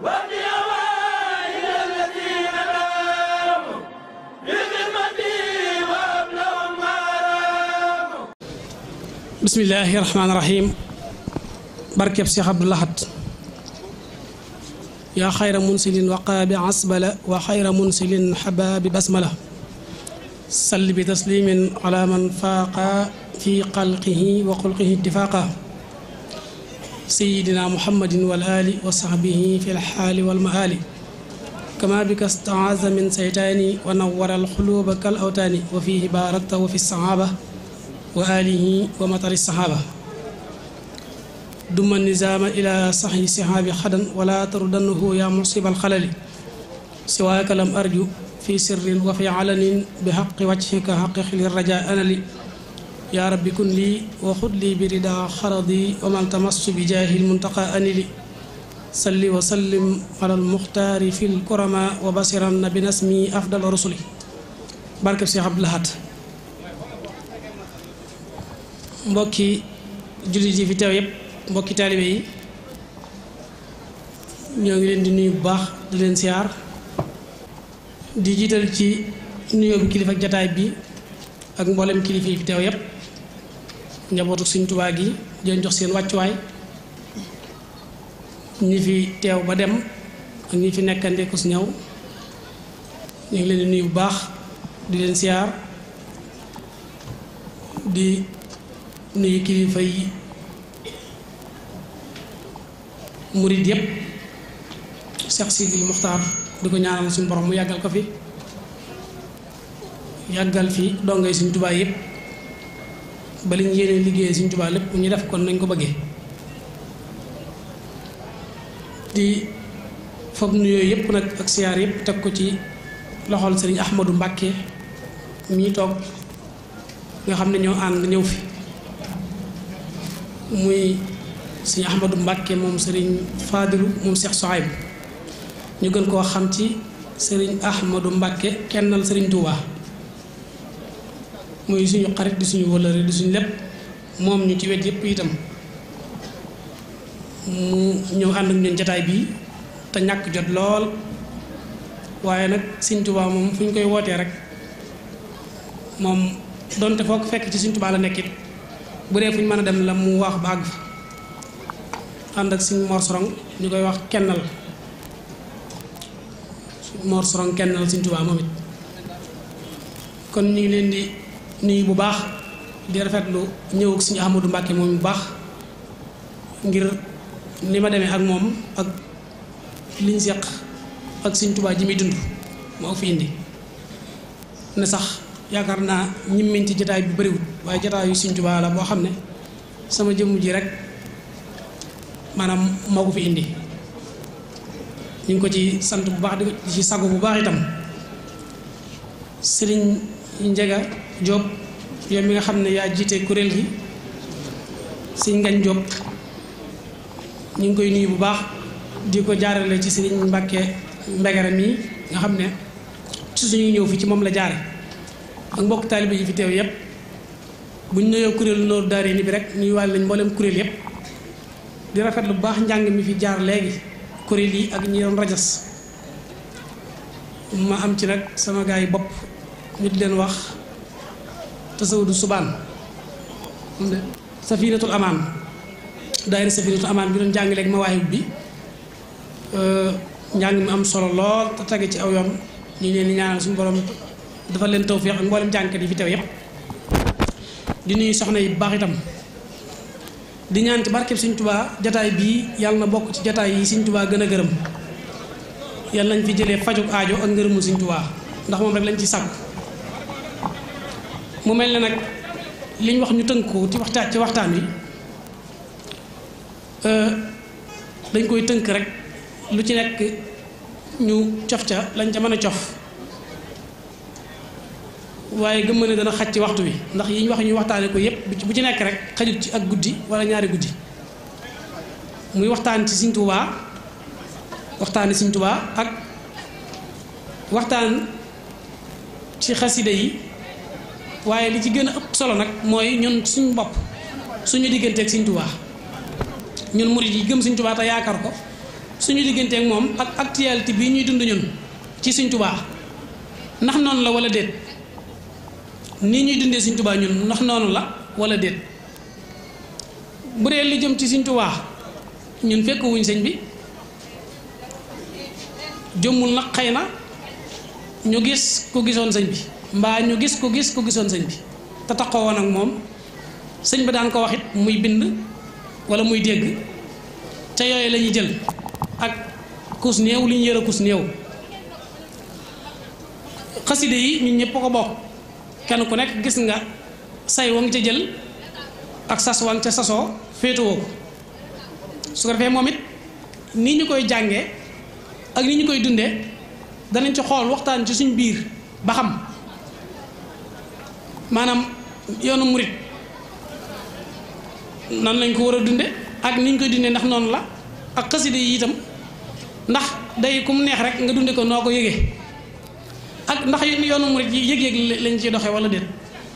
بسم الله الرحمن الرحيم بركب شيخ عبد الله يا خير منسل وقاب عصبلة وخير منسل حباب بسملة سل بتسليم على من فاق في قلقه وخلقه اتفاقا سيدنا محمد والآل وصحبه في الحال والمآل كما بك استعاذ من سيطاني ونور القلوب كالأوتاني وفيه باركت وفي الصحابة وآله ومطر الصحابة دم النزام إلى صحي صحاب حدا ولا تردنه يا مصيب الخلل سواك لم أرجو في سر وفي علن بحق وجهك حق خل الرجاء أنا لي يا رب كن لي وخذ لي برضا خرضي ومن تمس بجاه المنتقى أنلي صلي وسلم على المختار في الكرماء وبصرن بنسمي أفضل رسولي بارك في عبد الهاد مبكي جلي في فيتاو ييب مبكي طالبي نيغي لين دي نيو باخ دي لين سيار دي جيتال سي نيو كليفا جتاي بي اك مبولم كليفي فيتاو ييب njabootu Sëñ Tuubaa gi di jox seen wàccuwaay ñi fi teew ba dem ak ñi fi nekkandee ku si ñëw ñu ngi leen di nuyu bu baax di leen siyaar di nuyu kilifa yi murid yépp Cheikh sidi Muxtaar di ko ñaanal suñu borom mu yàggal ko fi yàggal fi dongay Sëñ Tuubaa yépp ba liñ yéene liggéey Sëriñ Tuubaa lépp ñu def kon nañ ko bëggee di foog nuyoo yëpp nag ak siyaar yëpp teg ko ci loxol sëriñ Ahmadou Mbàkke mii toog nga xam ne ñoo ànd ñëw fi muy sëriñ Ahmadou Mbàkke moom sëriñ Fadilu moom Cheikh bi ñu gën koo xam ci sëriñ Ahmadou Mbàkke kennal sëriñ Touba. muy suñu xarit di suñu wala di suñu lepp moom ñu ci wet yépp itam mu ñu ànd ak ñun jataay bii te ñàkk jot lool waaye nag Sëñ Tuubaa moom fuñ koy wootee rek moom donte foog fekk ci Sëñ Tuubaa la nekkit bu dee fuñ mën a dem la mu wax baag ànd ak Sëñ Mor Sorong ñu koy wax kennal Mor Sorong kennal Sëñ Tuubaa moom it kon ñu ngi leen di nuyu bu baax di rafetlu ñëw ak suñu amadou Mbacke moom bu baax ngir ni ma demee ak moom ak liñ seq ak suñ Tuubaa ji muy dund moo fi indi ne sax yaakaar naa ñimmiñ ci jataay bi bëriwul waaye yu suñ la boo xam ne sama jëmm ji rek maanaam moo ko fi indi ñu ngi ko ci sant bu baax di ci sago bu baax itam sëriñ Njega Diop yow mi nga xam ne yaa jiite kuréel gi sëñ Ngañ Diop ñu ngi koy nuyu bu baax di ko jaarale ci sëñ Mbàkke Mbegere mi nga xam ne ci suñuy ñëw fii ci moom la jaare ak mbokk taalibe yi fi teew yépp bu ñu nuyoo kuréelu nooru daare ni bi rek nuyuwaale lañ mboolem kuréel yépp di rafet lu baax njàng mi fi jaar léegi kuréel yi ak ñi doon rajas ma am ci nag sama gars yi bopp ñu di leen wax tasawudu subaan safinatul aman daire safinatul aman bi don jangale ak mawahib bi njàng mi am solo lol ta tagi ci aw yoon ñu leen ni ñaanal suñu borom dafa len tawfiq ak mboolem jankati fi teew yëpp di nuyu soxna yi bax itam di ñaan ci barke Sëñ Tuubaa jotaay bi yalla na bok ci jotaay yi Sëñ Tuubaa gëna a yalla yàlla nañ fi jëlé fajuk aajo ak ngeerum Sëñ Tuubaa ndax mom rek lañ ci sàkk mu mel na nag li ñu wax ñu tënku ci waxtaan ci waxtaan wi euh, dañ koy tënk rek lu ci nekk ñu cof ca lañ ca cof waaye gëm ne dana xaj ci waxtu wi ndax yi ñu wax ñu waxtaane ko yépp bu ci nekk rek xajut ci ak guddi wala ñaari guddi muy waxtaan ci Sëñ Tuubaa waxtaane Sëñ Tuubaa ak waxtaan ci xasida yi waaye li ci gën a ëpp solo nag mooy ñun suñu bopp suñu digganteek Sëñ Tuubaa ñun murid yi gëm Sëñ Tuubaa te yaakaar ko suñu digganteeg moom ak actualité bii ñuy dund ñun ci Sëñ Tuubaa ndax noonu la wala déet nii ñuy dundee Sëñ Tuubaa ñun ndax noonu la wala déet bu dee li jëm ci Sëñ Tuubaa ñun fekk wuñ sëñ bi jëmmul nag xëy na ñu gis ku gisoon sëñ bi mbaa ñu gis ku gis ku gisoon sëñ bi te taxoo woon ak moom sëñ ba daan ko wax muy bind wala muy dégg te yooyu lañuy ñuy jël ak kus néew li ñu yër a néew xaside yi ñun ñëpp ko bokk kenn ku nekk gis nga say wa nga ca jël ak sas wa nga ca sasoo féetewoo ko su ko defee moom it nii ñu koy jànge ak ni ñu koy dundee danañ ci xool waxtaan ci suñ biir ba xam maanaam yoonu murit nan lañ ko war a dunde ak niñ koy dunde ndax noonu la ak xasida yi itam ndax day ku mu neex rek nga dunde ko noo ko yége ak ndax yoonu murit yi yëg-yëg lañ ciy doxee wala déet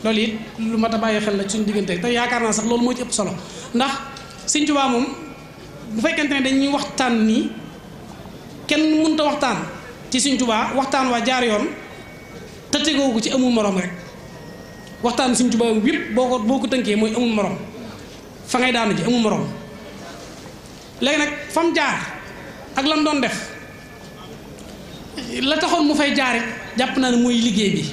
loolu it lu mat a bàyyi xel la suñ diggante te yaakaar naa sax loolu moo ci ëpp solo ndax Sëñ Tuubaa moom bu fekkente ne dañuy waxtaan nii kenn mënut a waxtaan ci Sëñ Tuubaa waxtaan waa jaar yoon te tegoo ko ci amul moroom rek waxtaan Sëñ Tuubaa yëpp boo ko boo ko tënkee mooy amul morom fa ngay daanu ji amul morom léegi nag fam jaar ak lam doon def la taxoon mu fay jaar jàpp naa ne mooy liggéey bi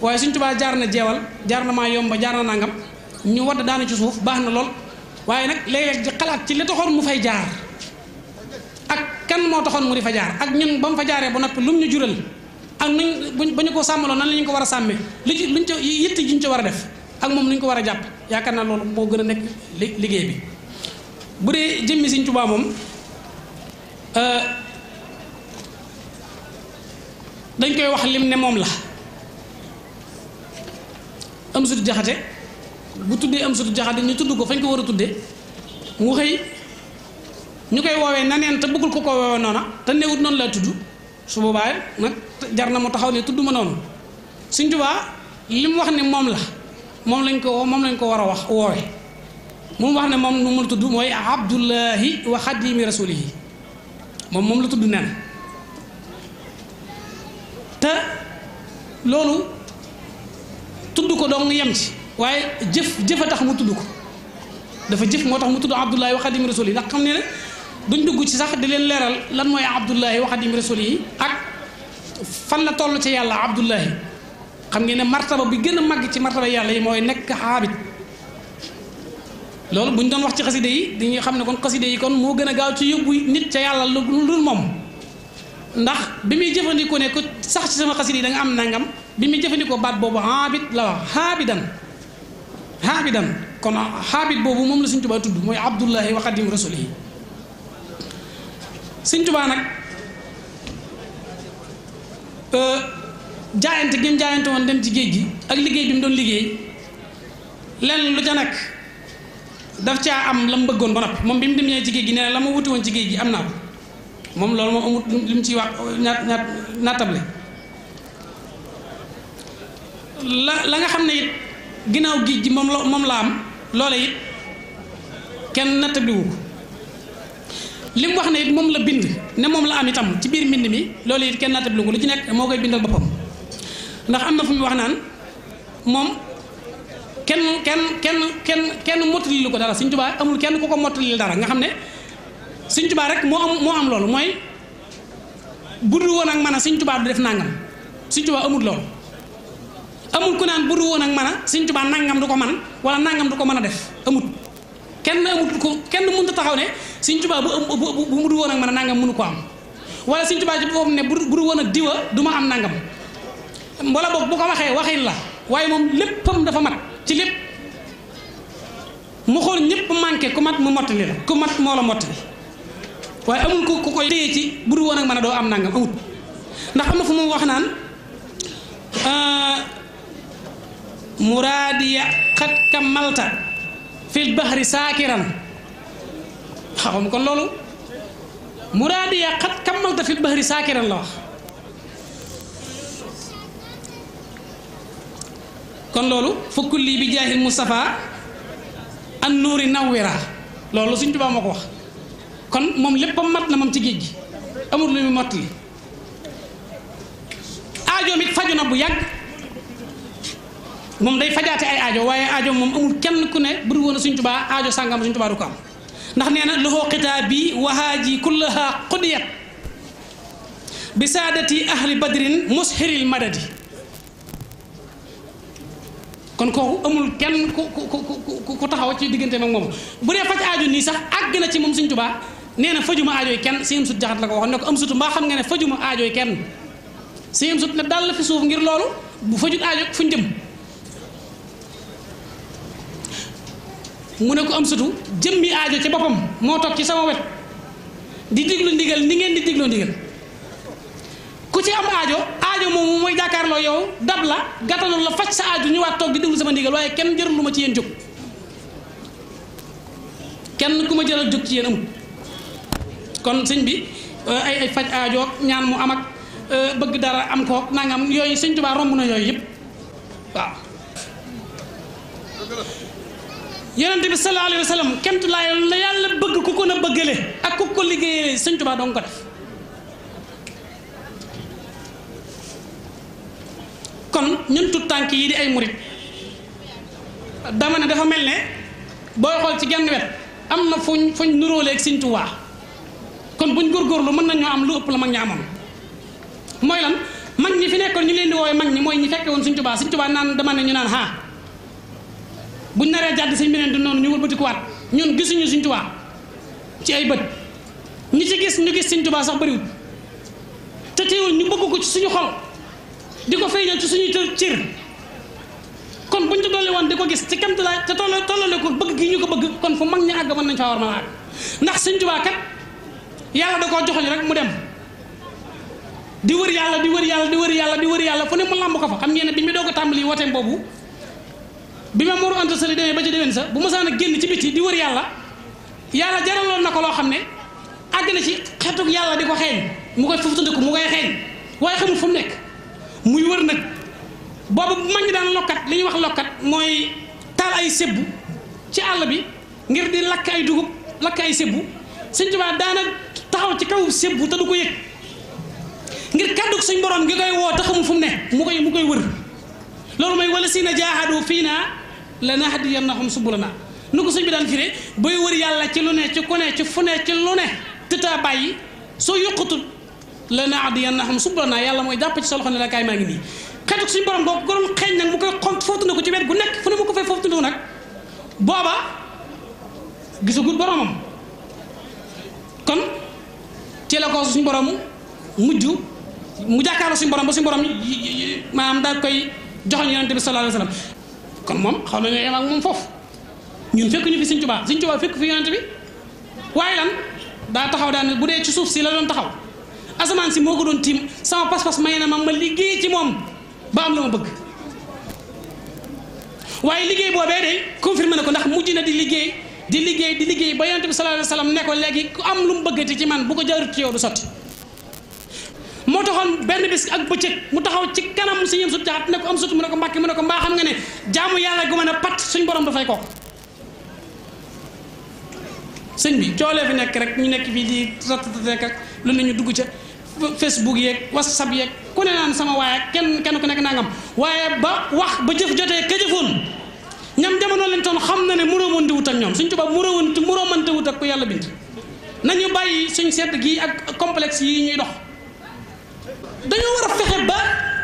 waaye Sëñ Tuubaa jaar na jeewal jaar na maa yomba jaar na nangam ñu wadd ci suuf baax na lool waaye nag léeg-léeg ci li taxoon mu fay jaar ak kan moo taxoon mu di fa jaar ak ñun ba mu fa jaaree ba noppi lum ñu jural. ak nañ ba ñu ko sàmmaloo nan la ñu ko war a sàmmee li ci luñ ca yitte ji ñu ci war a def ak moom nu ñu ko war a jàpp yaakaar naa loolu moo gën a nekk liggéey bi bu dee jëmmi Sëñ Tuubaa moom euh, dañ koy wax lim ne moom la am sut jaxate bu tuddee am sut jaxate ñu tudd ko fañ ko war a tudde mu xëy ñu koy woowee na neen te bëggul ko ko woowee noona te newut noonu laa tudd su boobaa nag jar na mu taxaw ne tudd ma noonu suñ Tuubaa li mu wax ni moom la moom lañ ko moom lañ ko war a wax woowe mu wax ne moom nu mu tudd mooy Abdullahi wa xadimi rasulihi moom moom la tudd nen te loolu tudd ko dong yem ci waaye jëf jëf a tax mu tudd ko dafa jëf moo tax mu tudd Abdullahi wax xadimi rasulihi ndax xam ne ne duñ dugg ci sax di leen leeral lan mooy Abdullahi wa xadimi rasulihi ak. fan la toll ci yàlla abdullahi xam ngeen ne martaba bi gën a màgg ci martaba yàlla yi mooy nekk xaabit loolu bu ñu doon wax ci xaside yi dañuy xam ne kon xaside yi kon moo gën a gaaw ci yóbbu nit ca yàlla lu dul moom ndax bi muy jëfandikoo ne ko sax ci sama xaside yi da am nangam bi muy jëfandikoo baat boobu xaabit la wax xaabidan xaabidan kon xaabit boobu moom la Sëñ Tuubaa tudd mooy abdullahi wa xadim rasulihi Sëñ Tuubaa nag Euh, jaayante gi mu jaayante woon dem ci géej gi ak liggéey bi mu doon liggéey lenn lu ca nekk daf caa am la mu bëggoon ba noppi moom bi mu demee ci géej gi ne la ma wuti woon ci géej gi am naa ko moom loolu moom amut li mu ciy wax ñaat ñaat naatable la la nga xam ne it ginnaaw géej gi moom la moom la am loola it kenn nattabliwu ko li mu wax ne it moom la bind ne moom la am itam ci biir mbind mi loolu it kenn naatablu ko lu ci nekk moo koy bindal boppam am na fu mu wax naan moom kenn kenn kenn kenn kenn mottali lu ko dara Sëñ Tuubaa amul kenn ku ko mottalil dara nga xam ne Sëñ Tuubaa moo am moo am loolu mooy budul woon ak man a Sëñ Tuubaa du def nangam Sëñ Tuubaa amul loolu amul ku naan budul woon ak man a Sëñ Tuubaa nangam du ko man wala nàngam du ko mën a def amut kenn amut ko kenn mënta taxaw ne bu bu mu du won ak man nangam nu ko am wala ci bu ne bu du won ak diwa duma am nangam mbola bok bu ko waxe waxil la waye mom leppam dafa mat ci lepp mu xol ñepp manke ku mat mu motali la ku mat mo la motali waye amul ko ku koy ci bu du won ak man do am nangam amul ndax amna fu mu wax naan muradiya khat kamalta fil bahri sakiran xam muradi ya muradiya kamal ta fil bahri sakiran la kon loolu fukul li bi jahil mustafa an nuuri nawira loolu suñ tubaab mako wax kon mom leppam mat na mom ci geejgi amul lu mu matti fajuna bu moom day fajaate ay ajo waaye ajo moom amul kenn ku ne buri woon a suñ tubaa aajo sàngam suñ tubaa du ko am ndax nee na loxoo xitaabi wahaaji kullaha qudiyat bi saadati ahli badrin mushiril madadi kon kooku amul kenn ku ku taxaw ci diggante mag moom bu dee faj aajo nii sax àgg na ci moom suñ tubaa nee na fajuma aajo kenn si am sut jaxat la ko waxoon ne ko am sutu mbaa xam nga ne fajuma aajo yi kenn si am sut ne dal fi suuf ngir loolu bu fajut aajo fuñ jëm mu ne ko am sutu jëmmi aajo ci boppam moo toog ci sama wet di diglu ndigal ni ngeen di diglu ndigal ku ci am aajo aajo moomu mooy jàkkaarloo yow dab la gàttalul la faj sa aajo ñëwaat toog di diglu sama ndigal waaye kenn jërul lu ma ci yéen jóg kenn ku ma jëral jóg ci yéen amul kon sëñ bi euh, ay ay faj aajo ñaan mu am ak euh, bëgg dara am ko nangam yooyu sëñ Tuubaa romb na yooyu yëpp yonent bi sallallahu alayhi wa sallam kemt laa yoon la yàlla bëgg ku ko na bëggale ak ku ko liggéeyee sëñ Tuubaa doon ko def kon ñun tut tànk yi di ay murit dama ne dafa mel ne booy xool ci genn wet am na fuñ fuñ nuróoleeg sëñ Tuubaa kon buñ góorgóorlu mën nañoo am lu ëpp la mag ñi amoon mooy lan mag ñi fi nekkoon ñu leen di woowee mag ñi mooy ñi fekke woon sëñ Tuubaa sëñ Tuubaa naan dama ne ñu naan haa buñ naree jàdd sëñ beneen du noonu ñu wat ñun gisuñu suñ tubaa ci ay bëtt ñi ci gis ñu gis suñ tubaa sax bari wu te teewul ñu bëgg ko ci suñu xol diko ko ci suñu cër kon buñ ci dolli won diko gis ci kam la te tolo tolo le ko bëgg gi ñu ko bëgg kon fu mag ñi ag mën nañ faa war na wax ndax suñ tubaa kat yalla da ko joxoñ rek mu dem di wër yalla di wër yalla di wër yalla di wër yalla fu ne mu lamb ko fa xam ngeen ne bi mu doog a tàmbali bi ma Mor Anta Sali demee ba ci déwén sa bu mosaan a génn ci biti di wër yàlla yàlla jaraloon na ko loo xam ne àgg na ci xetuk yàlla di ko xeeñ mu koy fufutandiku mu koy xeeñ waaye xamul fu mu nekk muy wër nag boobu mag daan lokkat li ñuy wax lokkat mooy taal ay sebbu ci àll bi ngir di lakk ay dugub lakk ay sebbu Sëñ Tuubaa daana ci kaw sebbu te ko yëg ngir suñ borom ngi koy fu mu ne mu koy wër loolu mooy wala si na jaaxaadu fii naa lanahdiyannahum subulana nu ko sëñ bi daan firee booy wër yàlla ci lu ne ci ku ne ci fu ne ci lu ne tëtaa bàyyi soo yuqutul lanahdiyannahum subulana yàlla mooy jàpp ci sa loxo ne la kaay maa ngi nii xetuk boo ko doon xeeñ nag mu koy xont ko ci wet gu nekk fu ko fay foofu tundu nag booba gisagul boromam kon ci la ko borom mujj mu jàkkaarloo suñu borom ba suñu borom maanaam daal koy joxoñ yonente bi sallallahu alayhi kon moom xam nañoo yem ak moom foofu ñun fekk ñu fi Sëñ Tuubaa Sëñ Tuubaa fekk fi yonent bi waaye lan daa taxaw daan bu dee ci suuf si la doon taxaw asamaan si moo ko doon tiim sama pas-pas may na ma ma liggéey ci moom ba am la ma bëgg waaye liggéey boobee day confirmé na ko ndax mujj na di liggéey di liggéey di liggéey ba yonent bi sallallahu alayhi wa sallam ne ko léegi ku am lu mu bëggati ci man bu ko jaarut ci yow du sotti moo taxoon benn bés ak bëccëg mu taxaw ci kanam si ñoom sut jaxat ne ko am sut mu ne ko mbàkke mu ne ko mbaa xam nga ne jaamu yàlla gu mën a pat suñ borom dafay kooku sëñ bi coolee fi nekk rek ñu nekk fii di ratatate ak lu ne ñu dugg ca facebook yeeg whatsapp yeeg ku ne naan sama waaye kenn kenn ku nekk nangam waaye ba wax ba jëf jotee ka jëfoon ñam jamono leen toon xam na ne mënoo mënti wut ak ñoom suñ tubaab mënoo mënti mënoo mënti wut ak ku yàlla bind nañu bàyyi suñ sedd gii ak complexe yi ñuy dox dañu wara fexé ba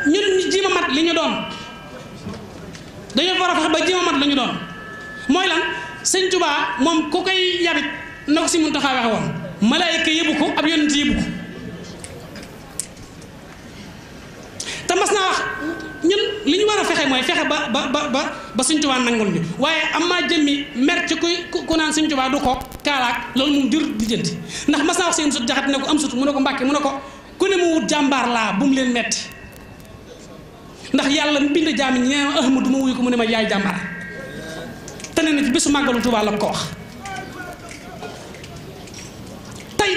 ñun ñi jima mat li ñu doon dañu wara fexé ba jima mat lañu doon moy lan señ Tuubaa mom ku koy yarit na ko si mun taxaa waxe woon malaayika ko ab yonent yëbu ko te mas wax ñun li ñu war a fexe mooy ba ba ba ba ba señ Tuubaa nangul ni waye am maa jëmmi mer ci ku ku naan señ Tuubaa du ko kaalaak loolu mu jur di jënt ndax masna wax señ sut jaxat ne ko am sut mu ne ko mbàkke mu ne ko ku ne mu wut jàmbaar laa bu mu leen metti ndax yàlla mu bind jaam ñi ne ahmadu ma wuyu ko mu ne ma yaay jàmbaar te ne na ci bésu màggalu Tuubaa la ko wax tey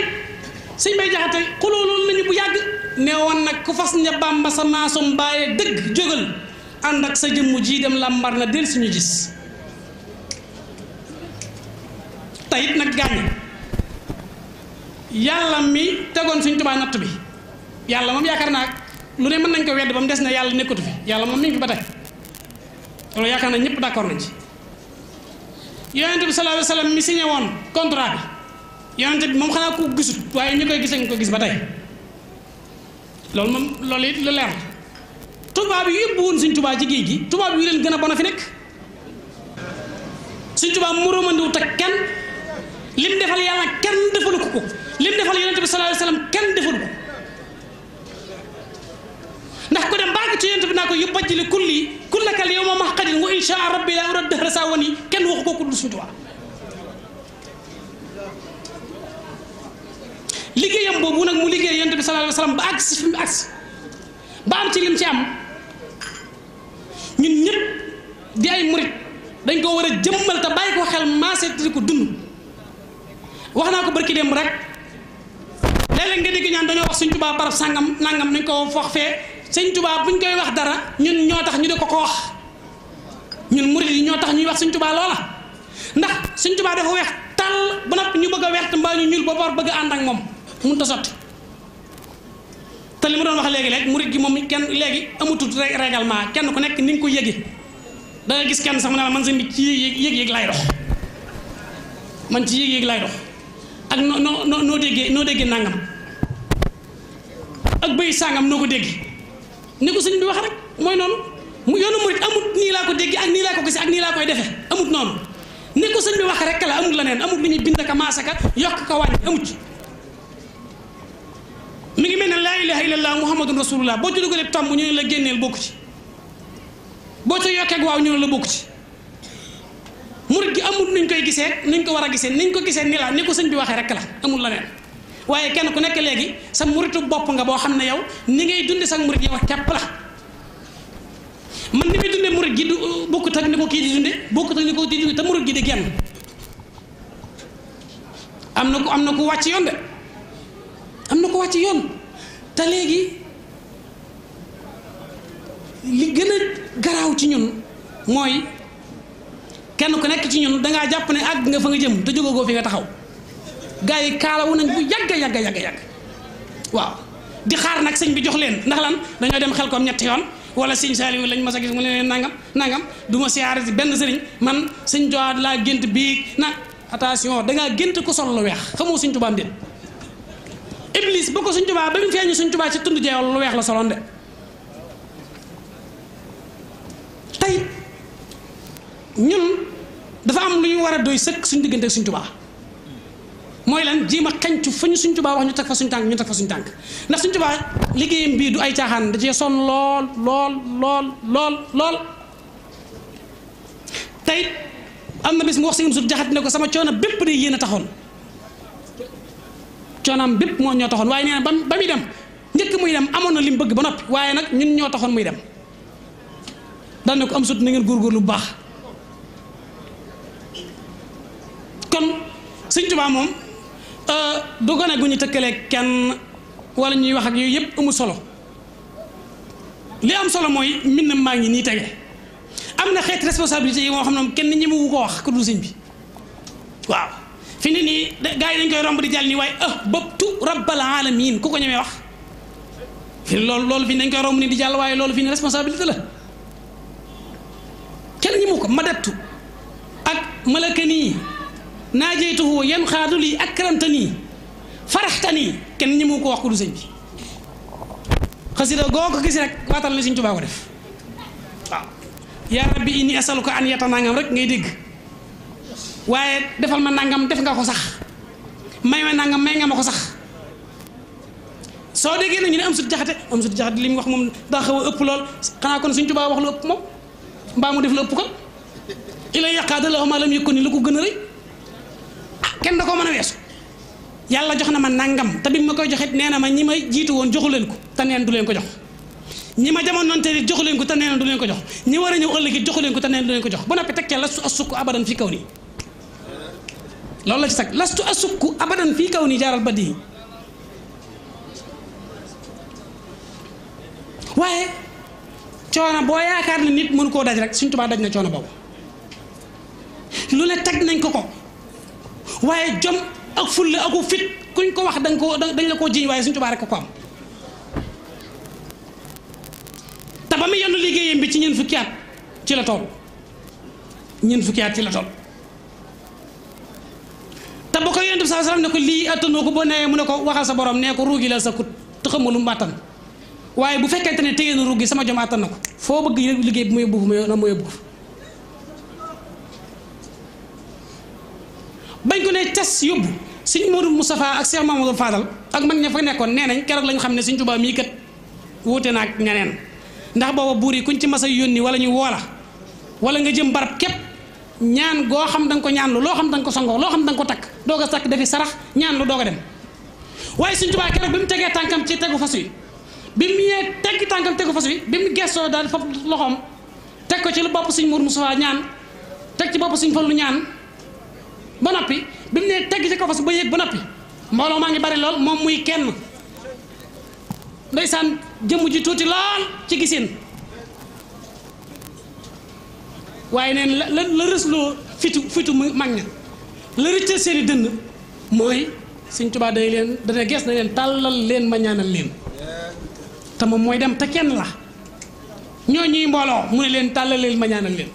sëñ may jaxate xuloo loolu nañu bu yàgg ne woon nag ku fas ña bàmba sa maasum bàyyee dëgg jógal ànd ak sa jëmmu ji dem làmbar na del suñu gis teyit nag gàññ yàlla mi tegoon suñ Tuubaa natt bi yalla mom yakar nak lune man nañ ko wedd bam dess na yalla nekkut fi yalla mom mi ngi fi ba tey loolu yaakaar naa d'accord nañ ci yaronte bi sallallahu alayhi wasallam mi signé won contrat bi yaronte bi mom xana ko gisut waye ñi koy gis nga ko gis batay lol mom lol loolu it lu leer tuba bi yëpp won suñ tuba ci geej gi tubaab yi leen gëna bona fi nek fi tuba mu tubaab moromandiwut ak kenn lim defal yalla kenn defal ko ko lim defal yaronte bi sallallahu alayhi wasallam kenn defal ko ndax ko dem baagi ci yonent bi naa ko yubajjilu kulli kullakal yawma mahqadin wa insha rabbi la urad dahra sawani kenn waxu ko ku dul suñu waa liggéeyam boobu nag mu liggéey yonent bi sallallahu alayhi wa sallam ba agsi fi mu am ci lim ci am ñun ñëpp di ay murit dañ ko war a jëmmal te bàyyi ko xel maasee di ko dund wax naa ko barki dem rek léeg-léeg nga dégg ñaan dañoo wax suñ Tuubaa barab sàngam nangam nañ ko wax fee sëñ bu buñ koy wax dara ñun ñoo tax ñu di ko ko wax ñun murid yi ñoo tax ñuy wax suñ tubaa loola ndax sëñ tubaa dafa weex tal ba noppi ñu bëgg a wert mbaa ñu ñuul ba bëgg a ànd ak moom mun ta sotti te li ma doon wax léegi léeg murid gi moom kenn léegi amatul règlement kenn ku nekk ni nga ko yëge da nga gis kenn sax mu ne la man sëñ bi ci yëg yëg lay dox man ci yëg yëg lay dox ak noo noo déggee noo déggee nangam ak bëy sàngam noo ko déggee ni ko sëñ bi wax rek mooy noonu mu yoonu murit amut nii laa ko dégg ak nii laa ko gisee ak nii laa koy defee amut noonu ni ko sëñ bi wax rek la amut leneen amut lu ñuy bind ka maas ka yokk ka wàññi amut ci mi ngi mel ne laa ilaha illallah muhammadun rasulullah boo ci dugalee tomb ñu ne la génneel bokku ci boo ca yokkee waaw ñu la bokku ci murit gi amut nuñ koy gisee nuñ ko war a gisee niñ ko gisee ni ni ko sëñ bi waxee rek la amul waye kenn ku nek legi sa muritu bop nga bo xamne yow ni ngay dund sa murit yow kep la man ni mi dundé murit gi du bokkut ak ni ko kii di dundé bokkut ak ni ko di dundé ta murit gi di genn amna ko amna ko wacc ku yoon de amna ko wacc yoon te li gëna a ci ñun moy kenn ku nek ci ñun nga japp ne ag nga fa nga jëm te jógagoo fi nga taxaw gaa kalau wu nañ bu yagga yagga yagga yagga waaw di xaar nak señ bi jox leen ndax lan dañu dem xel am ñetti yoon wala señ lañ ma sa gis mu leen nangam nangam duma siar siyaare benn man señ adalah la gënt bi na attention nga gënt ko sol lu weex xamoo tuba am de Iblis bu ko señ tuba ba mu feeñu sëñ Tuubaa ci tundu jeewal lu weex la solon de tay ñun dafa am lu ñu wara doy sekk ak tuba mooy lan jéem a xencu fa ñu suñ tubaa wax ñu teg fa suñu tànk ñu teg fa suñu tànk ndax suñ tubaa liggéeyam bii du ay caaxaan da cee son lool lool lool lool lool tey am na bis mu wax si musul jaxat ne ko sama coono bépp de yéen a taxoon coonaam bépp moo ñoo taxoon waaye nee na ba muy dem njëkk muy dem amoon na li mu bëgg ba noppi waaye nag ñun ñoo taxoon muy dem dal ne ko am sut na góor góorgóorlu bu baax kon Sëñ Tuubaa moom du gone gu ñu tëkkalee kenn walla ñuy wax ak yooyu yëpp amu solo li am solo mooy mbind maa ngi nii tege am na xeeti responsabilité yi moo xam ne kenn ñemewu ko wax ku dul sëñ bi nii gars yi dañ koy romb di jàll nii waaye ah bëptu ku ko ñemee wax loolu loolu fi dañ koy romb di jàll waaye loolu fi ni responsabilité la ko madatu ak malaka nii naajeytuhu yan xaadu lii akramtanii faraxtanii kenn ñi mu ko wax ko du sëñ bi xasida goo ko gis rek waatal na sëñ Tuubaa ko def waaw yaa rabbi inni asaluka an yata nangam rek ngay dégg waaye defal ma nangam def nga ko sax may ma nangam may nga ma ko sax soo déggee nag ñu am sut jaxate am sut jaxate li mu wax moom daa xaw a ëpp lool xanaa kon sëñ Tuubaa wax lu ëpp moom mbaa mu def lu ëpp kon ila yaqaada lahu ma lam yakun ni lu ko gën kenn da koo mën a weesu yàlla jox na ma nangam te bi ma koy joxit nee na ma ñi ma jiitu woon joxu leen ko te neen du leen ko jox ñi ma jamonoon te joxu leen ko te neen du leen ko jox ñi war a ñëw ëllëg it joxu ko te neen du leen ko jox ba noppi teg ca lastu asukku abadan fii kaw nii la ci sax lastu asukku abadan fii kaw nii jaaral ba di waaye coono boo yaakaar ni nit mënu koo daj rek suñ tubaab daj na coono boobu lu ne teg nañ ko ko. waaye jom ak fulla aku fit kuñ ko wax dañ ko dañ la koo jiñ waaye suñ tubaa rek ko am te mu yenn liggéeyam bi ci ñun fukki ci la toll ñeent fukki ci la toll te ba ko yonent bi saa salaam ne ko lii attanoo ko boo nee mu ne ko waxal sa borom nee ko ruugi la sa kut te xamul lu mu attan waaye bu fekkente ne tegee na ruugi sama jom attan na ko foo bëgg liggéey bi mu yóbbu ma yóbbu bañ ko ne tass yóbbu sëñ Modou Moustapha ak Cheikh Mamadou Fadal ak man ña fa nekkoon nee nañ keroog lañ xam ne Touba mii kat wuute nak ñaneen ndax bobu buri yi kuñ ci massa yoni wala ñu wola wala nga jëm barap kep ñaan go xam dang ko ñaan lu xam dang ko songo lo xam dang ko tak doga sak defi sarax ñaan lu doga dem waye sëñ Touba kérok bimu tege tankam ci tegu fasuy bimu teki mu tankam tegu fas yi bi mu gestoo daal fab loxoom teg ko ci lu bop sëñ Modou Moustapha ñaan tek ci bop Fallu ñaan ba nopi bim ne tegg ci ko fas ba yegg ba nopi mbolo ma ngi bari lol mom muy kenn ndaysan jëm ji tuti lol ci gisin waye ne le la fitu fitu magna le rite seni deun moy seigne touba day len da leen dana na len talal len ma ñaanal len te moy dem ta kenn la ñoo ñuy mu ne len talal len ma ñaanal len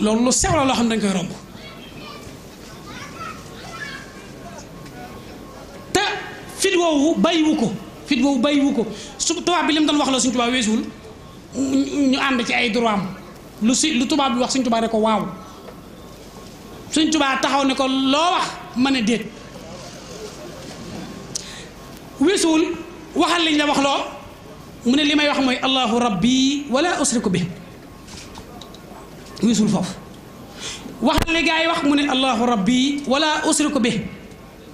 loolu lu sew la loo xam ne dañ koy romb te fit woowu bàyyiwu ko fit woowu bàyyiwu ko su tubaab bi li mu doon wax la suñ tubaab weesuwul ñu ànd ci ay droit am lu si lu tubaab bi wax suñ tubaab ne ko waaw suñ tubaab taxaw ne ko loo wax ma ne déet weesuwul waxal liñ la wax loo mu ne li may wax mooy allahu rabbi wala usriku bi weesul foofu wax na li yi wax mu ne allahu rabbi wala usriku bi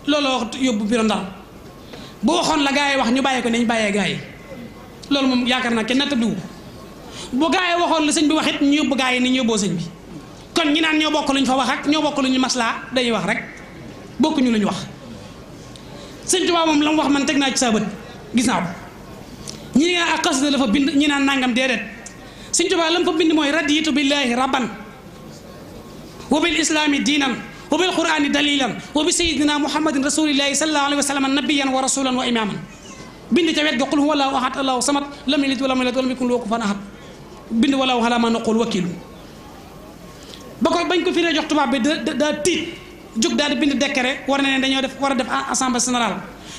wax yóbbu biro ndar bu waxoon la gaa yi wax ñu bàyyee ko nañ bàyyee gaa yi loolu moom yaakaar naa kenn natta dugg bu gaa yi waxoon la sëñ bi waxit ñu yóbbu gaa yi ni ñu yóbboo sëñ bi kon ñi naan ñoo bokk lu ñu fa wax ak ñoo bokk lu ñu maslaa dañuy wax rek bokkuñu lu ñu wax sëñ Tuubaa moom la mu wax man teg naa ci sa bët gis naa ko ñi naan ak xasida la fa bind ñi naan nangam déedéet سن جوبا لام فبن موي رديت بالله ربا وبالاسلام دينا وبالقران دليلا وبسيدنا محمد رسول الله صلى الله عليه وسلم نبيا ورسولا واماما بن تيوت قل هو الله احد الله صمت لم يلد ولم يلد ولم يكن له كفوا احد بن ولا ولا ما نقول وكيل بكو بنكو في رجع تباب دا تيت Juk daal di bind décret war na ne dañoo def war a def assemblée générale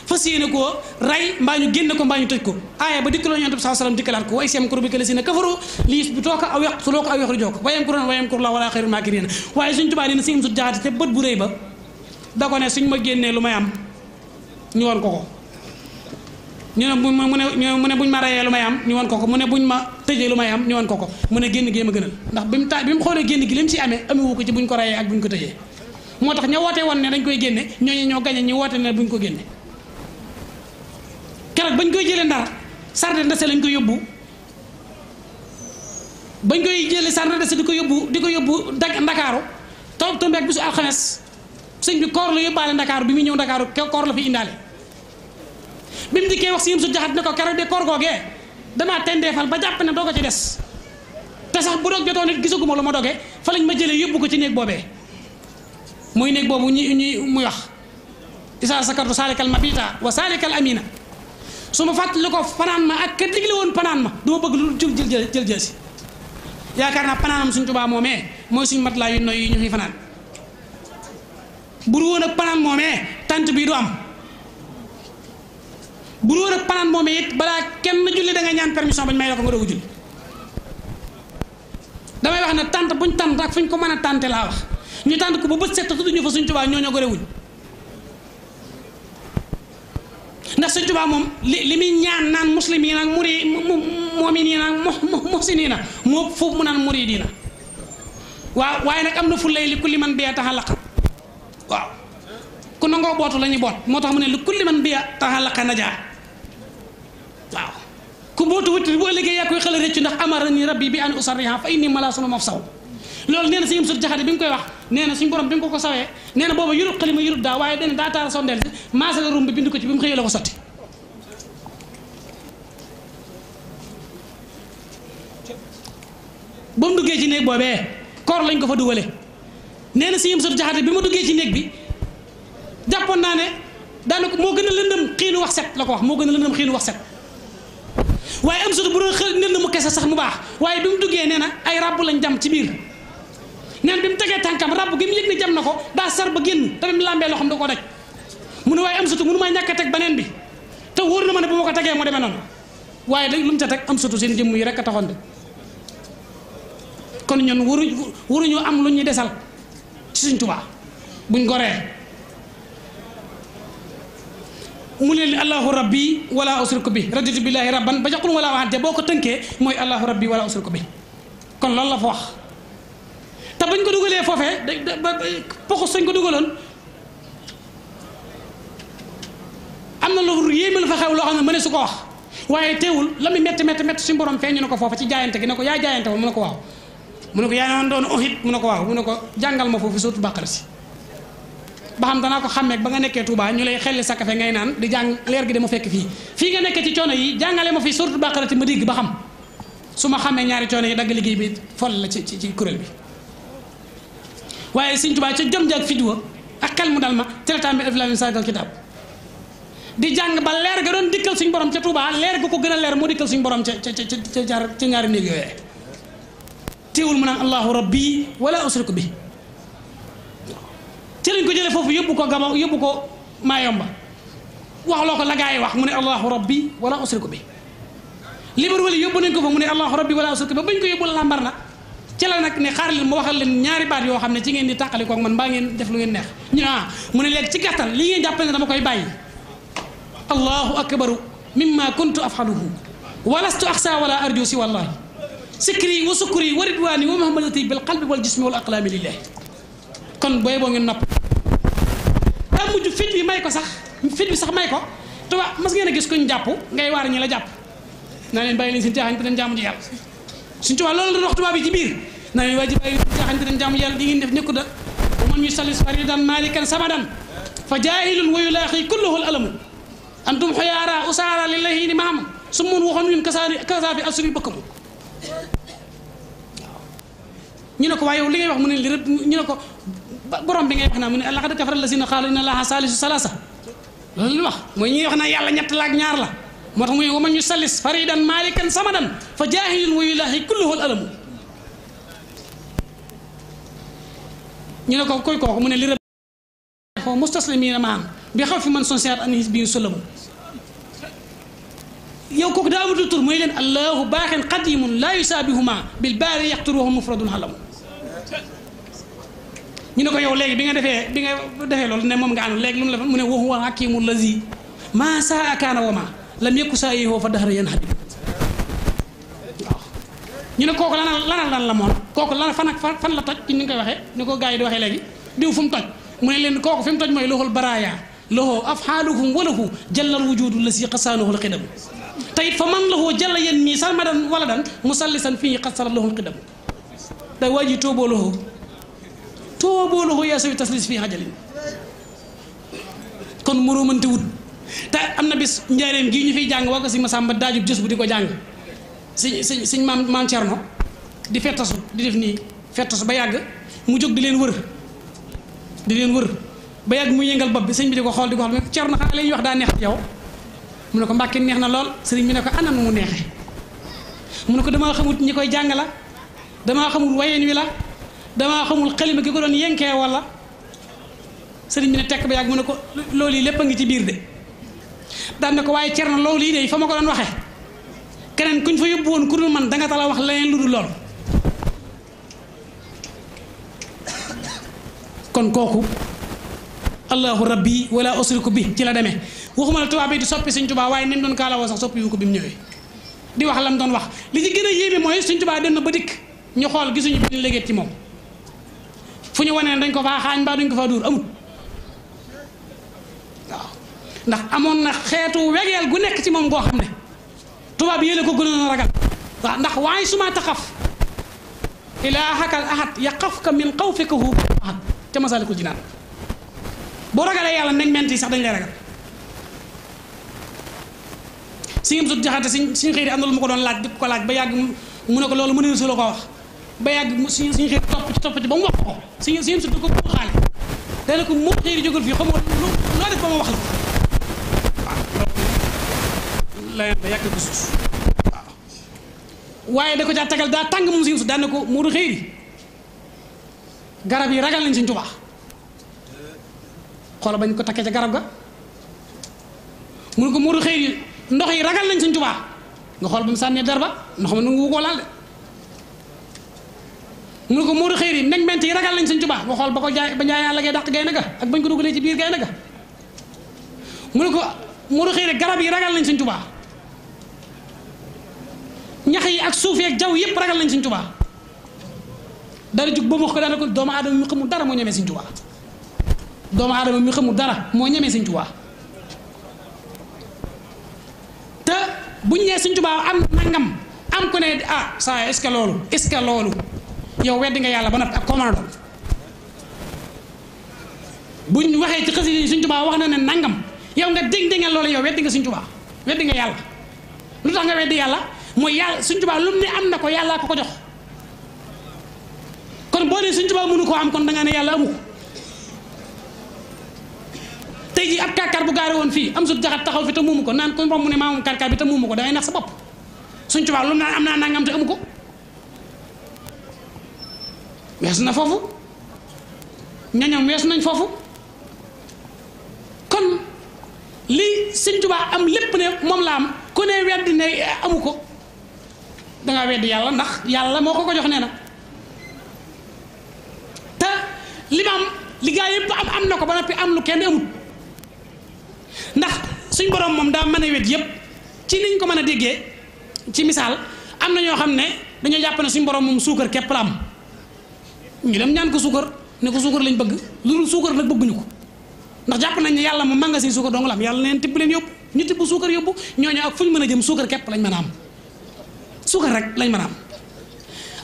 fas yéene koo rey mbaa ñu génn ko mbaa ñu tëj ko aaya ba dikkaloo yonent bi saa dikkalaat ko way seem kuru bi kala sina kafaru liis bi tooka aw yaq suloo ko aw yaqru jooko wayem kuroon wayem kur la wala xayrul maakiriina waaye suñ tubaa dina siim sut jaxati te bët bu rëy ba da ko ne suñ ma génnee lu may am ñu won ko ko ñu ne buñ mu ne mu ne buñ ma rayee lu may am ñu won ko ko mu ne buñ ma tëjee lu may am ñu won ko ko mu ne génn gi ma gënal ndax bi mu ta bi mu xoolee génn gi lim si amee amewu ko ci buñ ko rayee ak buñ ko tëjee motax tax ña woote woon ne dañ koy génné ñooñu ñoo gañé ñu woté né buñ ko génné keroog bañ koy jëlé ndar sardé ndase lañ ko yobbu bañ koy jëlé sardé ndase diko yobbu diko di ko yóbbu tombe ak bisu alxames señ bi koor la yobale ndakaaru bi mi ñew ndakaaru koor la fi indalé bim diké wax señ yëm su jaxat nako ko dé koor gogé dama tendé fal ba japp né doo ko ci des te sax bu dog jotone gisuguma luma dogé fa lañ ma jëlé yobbu ko ci bobé muy nek bobu ñi ñi muy wax isa sakatu salikal mabita wa salikal amina suma ma fàttali ko fanan ma ak ka digli won fanan ma do bëgg lu jug jël jël jël jël si yaakaar naa panaanam suñ tubaa moomee mooy suñ matelas yu noy ñu fi fanan buru woon ak panaan moomee tant bi du am buru woon ak panaan moomee it kenn julli da nga ñaan permission bañ may la ko nga damay wax na tant buñ tant ak fuñ ko mëna tante wax ñu tànn ko ba bët set tudduñu fa suñ tubaa ñooñu gore wuñ ndax suñ tubaa moom li li muy ñaan naan muslimiin ak muri moominiin ak muhsiniin moo foofu mu naan muridiina waaw waaye nag am na fu lay li kulli man tax taxa laqa waaw ku nangoo bootu la ñuy boot moo tax mu ne li kulli man biya taxa laqa najaa waaw ku bootu wuti bu ëllëgee yaa koy xel a rëccu ndax amara ni rabbi bi an usarriha fa inni mala sunu maf saw loolu nee na si imsut jaxate bi mu koy wax nee na suñu borom bi mu ko ko sawee nee na booba yurut xalima yurut daa waaye dane daa taara sondeel si maase la rum bi mu la ko sotti duggee ci néeg lañ ko fa dugale nee na si imsut jaxate bi mu duggee ci néeg bi jàppoon naa ne ko moo gën a lëndëm xiinu wax set la ko wax moo gën a lëndëm xiinu wax set waaye am sutu bu doon xëy mu kese sax mu baax waaye bi mu duggee nee na ay ràbb lañ jam ci biir neen bi mu tegee tànkam rabb gi mu yëg ne jam na ko daa sar ba génn tamit mu làmbee loo xam da ko daj mu ne waaye am satu mënu maa ñàkk a teg beneen bi te wóor na ma ne bu ma ko tegee mu demee noonu waaye da lu mu ca teg am satu seen jëmm yi rek a taxoon de kon ñun waru waruñu am lu ñuy desal ci suñ tubaa buñ goree mu leen allahu rabbi wala usriku bi raditu billahi ba jaqul wala waxante boo ko tënkee mooy allahu rabbi wala usriku bi kon loolu la fa wax te bañ ko dugalee foofee da ba poxu sañ ko dugaloon am na lu yéeme la fa xew loo xam ne mëne su ko wax waaye teewul la mu métti métti métti suñu borom feeñu na ko foofa ci jaayante gi ne ko yaa jaayante fa mu ne ko waaw mu ne ko doon ohit mu ne ko waaw mu ne ko jàngal ma foofu surtout bàqara si ba xam danaa ko xàmmeeg ba nga nekkee Touba ñu lay xelli sa kafe ngay naan di jàng leer gi mu fekk fii fii nga nekkee ci coono yi jàngale ma fi surtout bàqara si ma dégg ba xam su ma xàmmee ñaari coono yi dagg liggéey bi fol la ci ci kuréel bi waye seigne touba ci jom jaag fidwa wa ak xel mu dal ma terataan bi alif laam kitab di jang ba leer ga don dikkel seigne borom ci Touba leer ga ko gën a leer moo dikkal suñ borom ci ci jaar ci ñaari néeg yooyee teewul mu na allah rabbi wala usriku bi ci lañ ko jëlé fofu yobbu ko gama yobbu ko Mayomba wax loko la gay wax mu ne allah rabbi wala usriku bi wala yobbu nañ ko fa mu ne allah rabbi wala usriku bi bañ ko yobbu lambar na ci la nak ne xaar leen mo waxal leen ñaari baat yoo xam ne ci ngeen di tàqali koog man baa ngeen def lu ngeen neex ñu ah mu ne léegi ci gàttal li ngeen jàpp ne dama koy bàyyi allahu akbar mimma kuntu afaluhu walastu axsa wala arju si wallahi sikri wa sukri wa ridwani wa mahmadati bil qalbi wal jismi wal aqlami lillah kon boy bo ngeen nopp daa mujj fit bi may ko sax fit bi sax may ko te waa mas ngeen gis kuñ jàpp ngay waar ñi la jàpp naa leen bàyyi leen seen jaaxañ ko dem jaamu ji yàlla suñ tubaab loolu la wax tubaab yi ci biir naa waa ji bàyyi jaaxante nañ jaamu yàlla di ngeen def nekku da wa man yusallis faridan malikan samadan fa jaahilun wa yulaaxi kulluhu alamu antum xoyaara usaara lillahi ni maam su mun waxoon ne ko waaye li ngay wax mu ne li borom bi ngay wax naa mu ne laqad kafara lazina qaalu inna allaha saalisu salaasa loolu la wax mooy ñi wax naa yàlla ñett la ak ñaar la moo tax mu ne wa man yu sallis faridan malikan samadan fa jaahilun wa yulaahi kulluhul alamu ñu ne ko koy kooku mu ne li rëbboo mustaslimina maan bi xaw fi man sonsiyaat an his bi sulamu yow kooku daa amatul tur mooy leen allahu baaxin qadimun laa yusaabihuma bil baari yaqturuhu mufradun halamu ñu ne ko yow léegi bi nga defee bi nga defee loolu ne moom nga ànd léegi lu mu la mu ne waxu wa hakimu lazi maa saa akaana wa maa لم يكن saa yéexoo fa daxara yéen ñu ne koku lanal lanal lan la mon koku lan fan ak fan la toj ci ni nga koy waxee ni ko gars di waxe legi diw fum toj mu ne len koku fim mu toj mooy loxul baraaya lahu afxaaluhum walahu jallal wujudu la qasanahu xasaanuhul xidam fa man lahu jalla yéen mii sarmadan wala dan musallisan fi qasara lahu xidam tay waji tobo tooboo tobo tooboo lahu sawi taslis fi hajalin kon muru moroomante wut te amna bis njaareem gi ñu fi jang woo ko si Masamba daajub bu di ko jàng si si mam man charno di fettasu di def ni fettasu ba yag mu jog di len wër di len wër ba yag mu yengal bab bi sëñ bi di ko xool di ko xool mais Cerno xanaa leen wax da neex yow mu ne ko mbàkke neex na lool sëriñ mi ne ko anam mu neexé mu ne ko dama xamul ñi koy jang la dama xamul wayen wi la dama xamul xalima gi ko don yenké wala sëriñ bi ne tek ba yag mu ne ko loolu lepp nga ci biir de dan nako ko cerna cerno li de fa ma ko doon waxee keneen kuñ fa yóbbu woon ku dul man nga tala wax leneen lu dul kon koku allahu rabbi wala usriku bi ci la demee waxuma la tuba bi di soppi suñ tubaab waaye nim don kala kaalawoo sax soppi wuko bim ñewé di wax lam don wax li ci gëna a moy mooy suñ den na ba dik ñu gisunu bi benn léget ci mom fuñu wone wane dañ ko fa xañ ba duñ ko fa dur amut ndax amon na xeetu wegeel gu nekk ci mom go xamné ne tubaab yële ko gënal na ragal ndax way suma taxaf ilaahaka al ahad yaqafka min xawfika hu ahad ca masalikul jinan bo ragalé yàlla nañ menti sax dañ lay ragal si ngam sut jaxate si suñu xëy di am na lu mu ko doon laaj di ko laaj ba yàgg mu ne ko loolu mënul su la ko wax ba yàgg suñu suñu xëy topp ci topp ci ba mu wax ko si si ngam sut ko buuxaale dana ko moo xëy di xamoo loo def ba ma wax la layoon ba yàgg ko suuf waaw waaye da ko caa tegal daa tàng moom suñu suuf daan na ko Modou Xëyri garab yi ragal nañ Sëñ Tuubaa xoolal bañ ko takkee ca garab ga mun ko Modou Xëyri ndox yi ragal nañ Sëñ Tuubaa nga xool ba mu sànnee der ba ndox ma nangu ko laal de mun ko Modou Xëyri meñ ment yi ragal nañ Sëñ Tuubaa nga xool ba jaay ba njaay yàlla gay dàq gaynde ak bañ ko dugalee ci biir gaynde ga mu ne ko Modou Xëyri garab yi ragal nañ Sëñ Tuubaa ñax yi ak suuf jaw yi yépp ragal nañ Sëñ Tuubaa dara jug ba mu dana ko daanaka doomu aadama mi xamul dara mo ñemee Sëñ Tuubaa doomu aadama mi xamul dara mo ñemee Sëñ Tuubaa te buñ nee Sëñ Tuubaa am nangam am ku ne ah sa est-ce lolu est-ce lolu yow wedd nga yalla ba noppi ak commando buñ waxee ci xasida yi Sëñ wax na ne nangam yow nga dégg-déggal lolu yow wedd nga Sëñ Tuubaa wedd nga yalla lutax nga wedd yalla mooy yàlla suñ tubaa lu mu ne am na ko yàllaa ko ko jox kon boo ne suñ tubaa mënu koo am kon da ne yàlla amu ko tey jii ab kàkkaar bu gaare woon fii am sut jaxat taxaw fi te muumu ko naan ko mu ne maa moom kàkkaar bi te ko dangay nax sa bopp suñ tubaa lu am naa nangam te amu ko na foofu ñañam wees nañ foofu kon li sëñ Tuubaa am lépp ne moom la am ku ne weddi ne amu ko da nga wedd yalla ndax yalla moko ko jox neena ta limam li gaay yepp am am nako ba nopi am lu kenn amut ndax suñ borom mom da mané wedd yepp ci niñ ko mëna déggé ci misal am na ño xamné dañu japp na suñ borom mom suukar képp la am ñu dem ñaan ko suukar ne ko suukar lañ bëgg lu dul suukar nak bëgguñu ko ndax japp nañ ne yàlla moom magasin suukar do nga am yalla neen tibbu leen yobbu ñu tibbu suukar yóbbu ñooñu ak fuñ mëna jëm suukar képp lañ mëna am. suukar rek lañ man am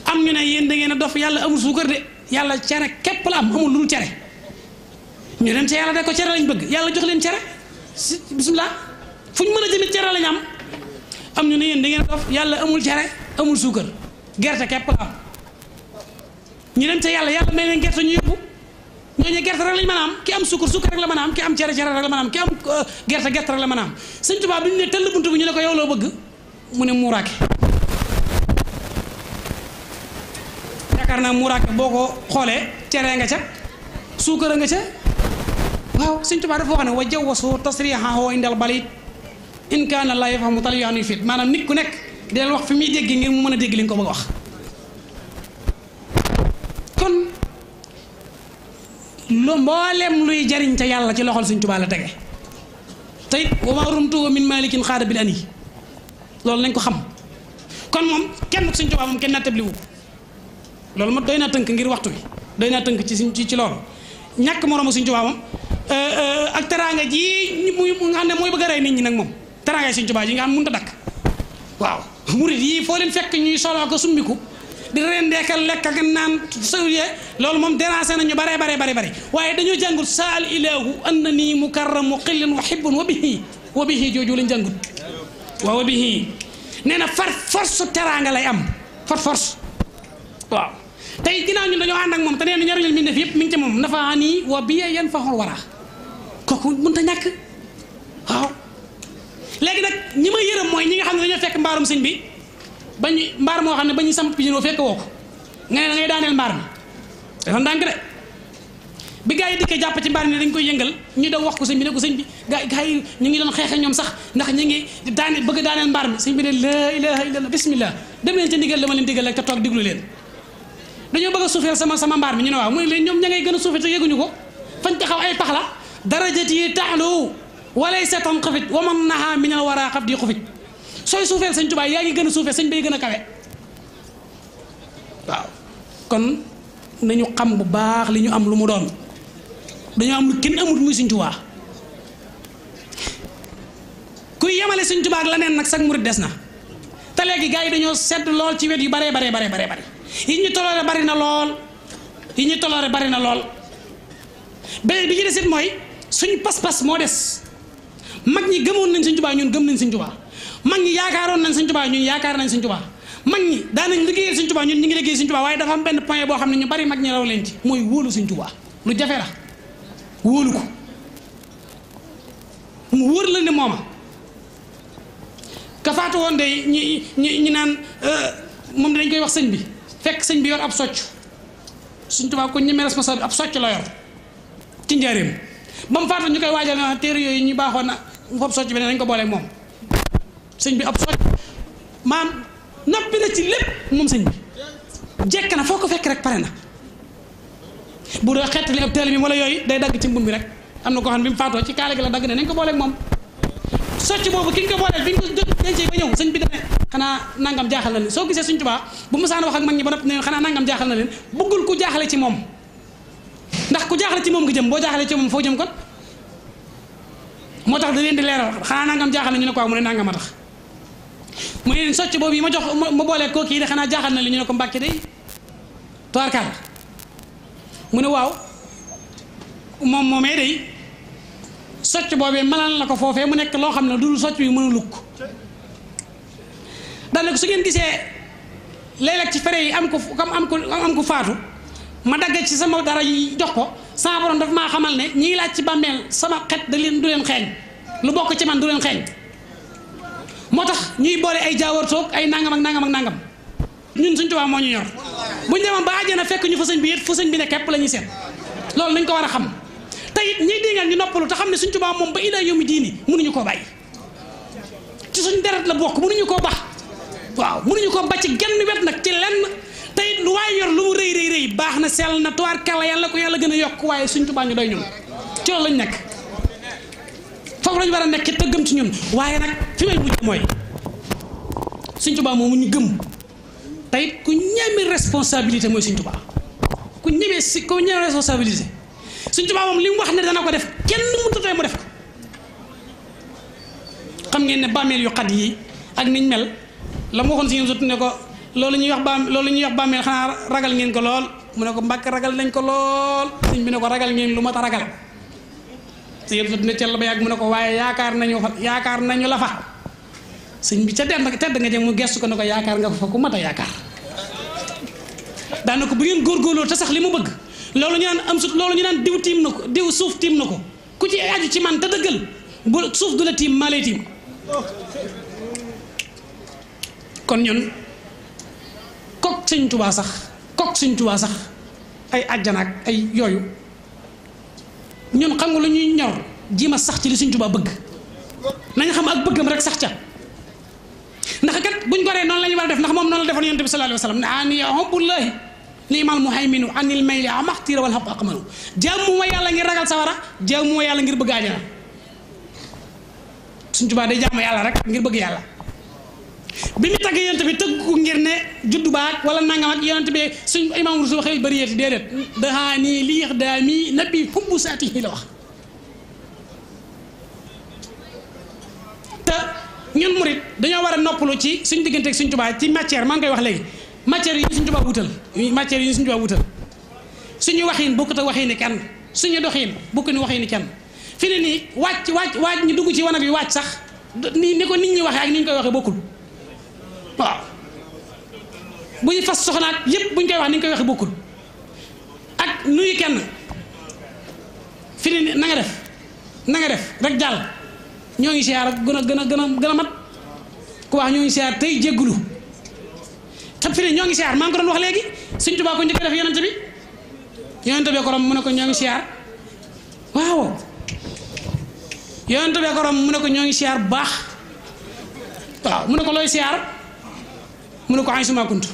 am ñu ne yéen da ngeen a dof yàlla amul suukar de yàlla cere képp la am amul lu dul cere ñu dem ca yàlla de ko cere lañ bëgg yàlla jox leen cere si bisimilah fu ñu mën a jëmit cere lañ am am ñu ne yéen da ngeen a yàlla amul cere amul suukar gerte képp la am ñu dem ca yàlla yàlla may leen gerte ñu yóbbu ñooñu gerte rek lañ mën a ki am suukar suukar rek la mën a am ki am cere cere la mën a am ki am euh, gerte gerte la man a am Sëñ Tuubaa bi ñu ne tëll bunt bi ñu ne ko yow loo bëgg mu ne muuraake yaakaar naa muraake boo ko xoolee cere nga ca suukar nga ca waw sëñ Tuubaa dafa wax ne wa jaw wasu ho indal balit in kana la yafhamu tal yani fit manam nit ku nek del wax fi muy dégg ngir mu meuna deg li ko bëgg wax kon lo mboolem luy jariñ ca yalla ci loxol sëñ Tuubaa la tege tay wa ma rumtu min malikin khadabil ani lol lañ ko xam kon mom kenn sëñ Tuubaa mom kenn wu loolu ma doyna teunk ngir waxtu bi doy naa tënk ci ci ñak loolu ñàkk moroomu mom euh euh ak teranga ji muy nga xam ne mooy bëgg ray nit ñi nak mom teranga Sëñ Tuubaa ji nga mën ta dak waaw murit yi fo leen fekk ñuy solo ko sumbiku di rendeekal lek ak naan saye loolu mom déranger nañu bare bare bare bare waye dañu jangul sal ilahu annani mukarram mukarramu wa wa bihi wa bihi joju lañ jangul waaw wa bihi nee far force teranga lay am far force waaw tay ginaaw ñun dañu and ak moom te nee na minde fi yep mi ngi ci moom nafaani wa bi yan faxul wara kooku ta ñak waaw legi nak ñima yeeram moy ñi nga xamne dañu fekk mbarum señ bi bañ mbar mo xamne ne ba ñu fekk woo ngay ngay daanel mbar mi dafa ndànk de bi gaay dikke japp ci mbar ni dañ koy yëngal ñu da wax ko señ bi ne ko señ bi gaay gaay ñu ngi doon xeexe ñom sax ndax ñi ngi daane bëgg daanel mbar mi señ bi ne la ilaha illallah bismillah dem leen ci ndigal dama leen digal ak ta tok diglu leen dañoo bëgg a suufeel sama sama mbaar mi ñu ne waaw mu ne leen ñoom ña ngay gën a suufe te yëguñu ko fañ taxaw ay pax la dara darajat yi taxlu walay seetan xufit waman naha mi ñal waraa xaf di xufit sooy suufeel sëñ Tuubaa yaa ngi gën a suufe sëñ bay gën a nañu xam bu baax li ñu am lu mu doon dañoo am lu kenn amut muy sëñ Tuubaa kuy yemale suñ Tuubaa ak leneen nag sax murit des na te léegi gaa yi dañoo sedd lool ci wet yu baree baree baree baree yi ñu toloore bari na lool yi ñu toloore bari na lool beneen bi ci desit mooy suñu pas-pas moo des mag ñi gëmoon nañ Sëñ Tuubaa ñun gëm nañ Sëñ Tuubaa mag ñi yaakaaroon nañ Sëñ Tuubaa ñun yaakaar nañ Sëñ Tuubaa mag ñi daanañ liggéeyal Sëñ Tuubaa ñun ñu ngi liggéey Sëñ Tuubaa waaye dafa am benn point boo xam ne ñu bari mag ñi raw leen ci mooy wóolu Sëñ Tuubaa lu jafe la wóolu ko mu wóor la ne moom ka woon de ñi ñi ñi naan euh, moom dañ koy wax sëñ bi fekk sëñ bi yoon ab socc suñ tubaab ko ñemee responsable ab socc la yor ci njëriñ ba mu faatu ñu koy waajal na téere yooyu ñu baaxoon na foofu socc bi ne dañ ko booleeg moom sëñ bi ab socc maam noppi na ci lépp sëñ bi jekk na foo ko fekk rek pare na bu doo xettali ab teel bi wala yooyu day dagg ci mbun bi rek am na koo xam ne bi mu faatoo ci kaala gi la dagg ne nañ ko booleeg moom socc boobu ki ko booleel bi ñu ko dencee ba ñëw soo gisee suñ tubaa bu mosaan wax ak mag ñi ba noppi ne xanaa nangam jaaxal na leen bëggul ku jaaxale ci moom ndax ku jaaxale ci moom nga jëm boo jaaxale ci moom foo jëm kon moo tax da leen di leeral xanaa nangam jaaxal na ñu ne ko mu ne nangam a tax mu ne leen socc boobu yi ma jox ma boolee koo kii de xanaa jaaxal na li ñu ne ko mbàkke day toirkar mu ne waaw moom moomee day socc boobee mënal na ko foofee mu nekk loo xam ne dul socc bi mën a lukk daanaka su ngeen gisee léeg-léeg ci fere yi am ko am ko am ko faatu ma dagg ci sama dara yi jox ko sama borom daf maa xamal ne ñii laaj ci bàmmeel sama xet da leen du leen xeeñ lu bokk ci man du leen xeeñ moo tax ñuy boole ay jaawartoog ay nangam ak nangam ak nangam ñun suñ tubaab moo ñu yor bu ñu demoon ba àjjana fekk ñu fa sëñ bi yét fa sëñ bi ne képp la ñuy seet loolu nañ ko war a xam. tayit ñi di déngaan ñu noppalu ta xam suñu tuba mom ba ila yomi diini mënuñu ko bàyyi ci suñu deret la bok mënuñu ko bax waaw mënuñu ko bacc genn wet nak ci lenn tayit lu way yor lu mu reey reey rëy baax na sell na tuwaar kala yalla ko yalla gëna yok waye suñu tuba ñu doy ñun ci loolu lañ nekk foofu lañ war a te gëm ci ñun waye nak fi may mujj moy suñu tuba moomu ñu gëm tayit ku ñeme responsabilité moy suñu tuba ku ñeme ci ko ñeme responsabilité suñ tuba mom lim wax ne dana ko def kenn mu tutay mu def ko xam ngeen ne bamel yu qad yi ak niñ mel lam waxon suñu si sut ne ko lolou ñuy wax bam lolou ñuy wax bamel xana ragal ngeen ko lol mu ne ko mbak ragal nañ ko lol suñ bi ne ko ragal ngeen lu mat ragal suñu yëpp sut ne cell ba yàgg mu ne ko waye yaakar nañu yaakar nañu la fa suñ bi ca dem tedd tedd nga jëm mu gessu ko ne ko yaakar nga ko fa ku mata yaakar yaakaar daana ko bu ngeen góorgóorloo ta sax limu mu bëgg lolu ñaan am sut lolu ñaan diw tim nako diw suuf tim, nako ku ci aaju ci man ta deugal bu suuf du la kon ñun kok sëñ touba sax kok sëñ touba sax ay ajana, ay yoyu ñun xam nga lu ñuy ñor jima sax ci li sëñ touba bëgg nañ xam ak bëggam rek sax ca ndax kat buñ ko ree noonu la ñu def ndax mom non la yantabi sallallahu alayhi wasallam nimal muhaiminu anil mayli amaxtira wal hab aqmanu jaamu ma yalla ngir ragal sawara jaamu ma yalla ngir bëgg àjjana suñ tubaa day jaamu yalla rek ngir bëgg yalla bimi tag yonent bi tegg ko ngir ne juddu baak wala nangam ak yonent bi suñ imam rusul waxee bëri yeeti déedéet dahaani liix nabi hubbu saatihi la wax ta ñun murid dañu wara noppulu ci suñ diggante ak suñ ci matière maa ngay wax legi matières yi ñu suñu tubaab wutal matières yi ñu suñu tubaab wutal suñu waxin bokkut ak waxin kenn suñu doxin bokkut ak waxin kenn fi ne nii wàcc wàcc wàcc ñu dugg ci wanag wi wàcc sax ni ni ko nit ñi waxee ak ni ñu koy waxee bokkul waaw bu ñu fas soxnaat koy wax ni koy waxee bokkul ak nuyu kenn fi ne na nga def na nga def rek jàll ñoo ngi siyaar gën a gën a gën a gën a mat ku wax ñoo ngi siyaar tey jéggulu Tapi fi ne ñoo ngi siyaar maa ngi ko doon wax legi sëñ Tuubaa ko njëkk def yonent bi yonent bi ko rom mu ne ko ñoo ngi siyaar waaw yonent bi ko rom mu ne ko ñoo ngi waaw mu ne ko looy mu ne ko ay suma kuntu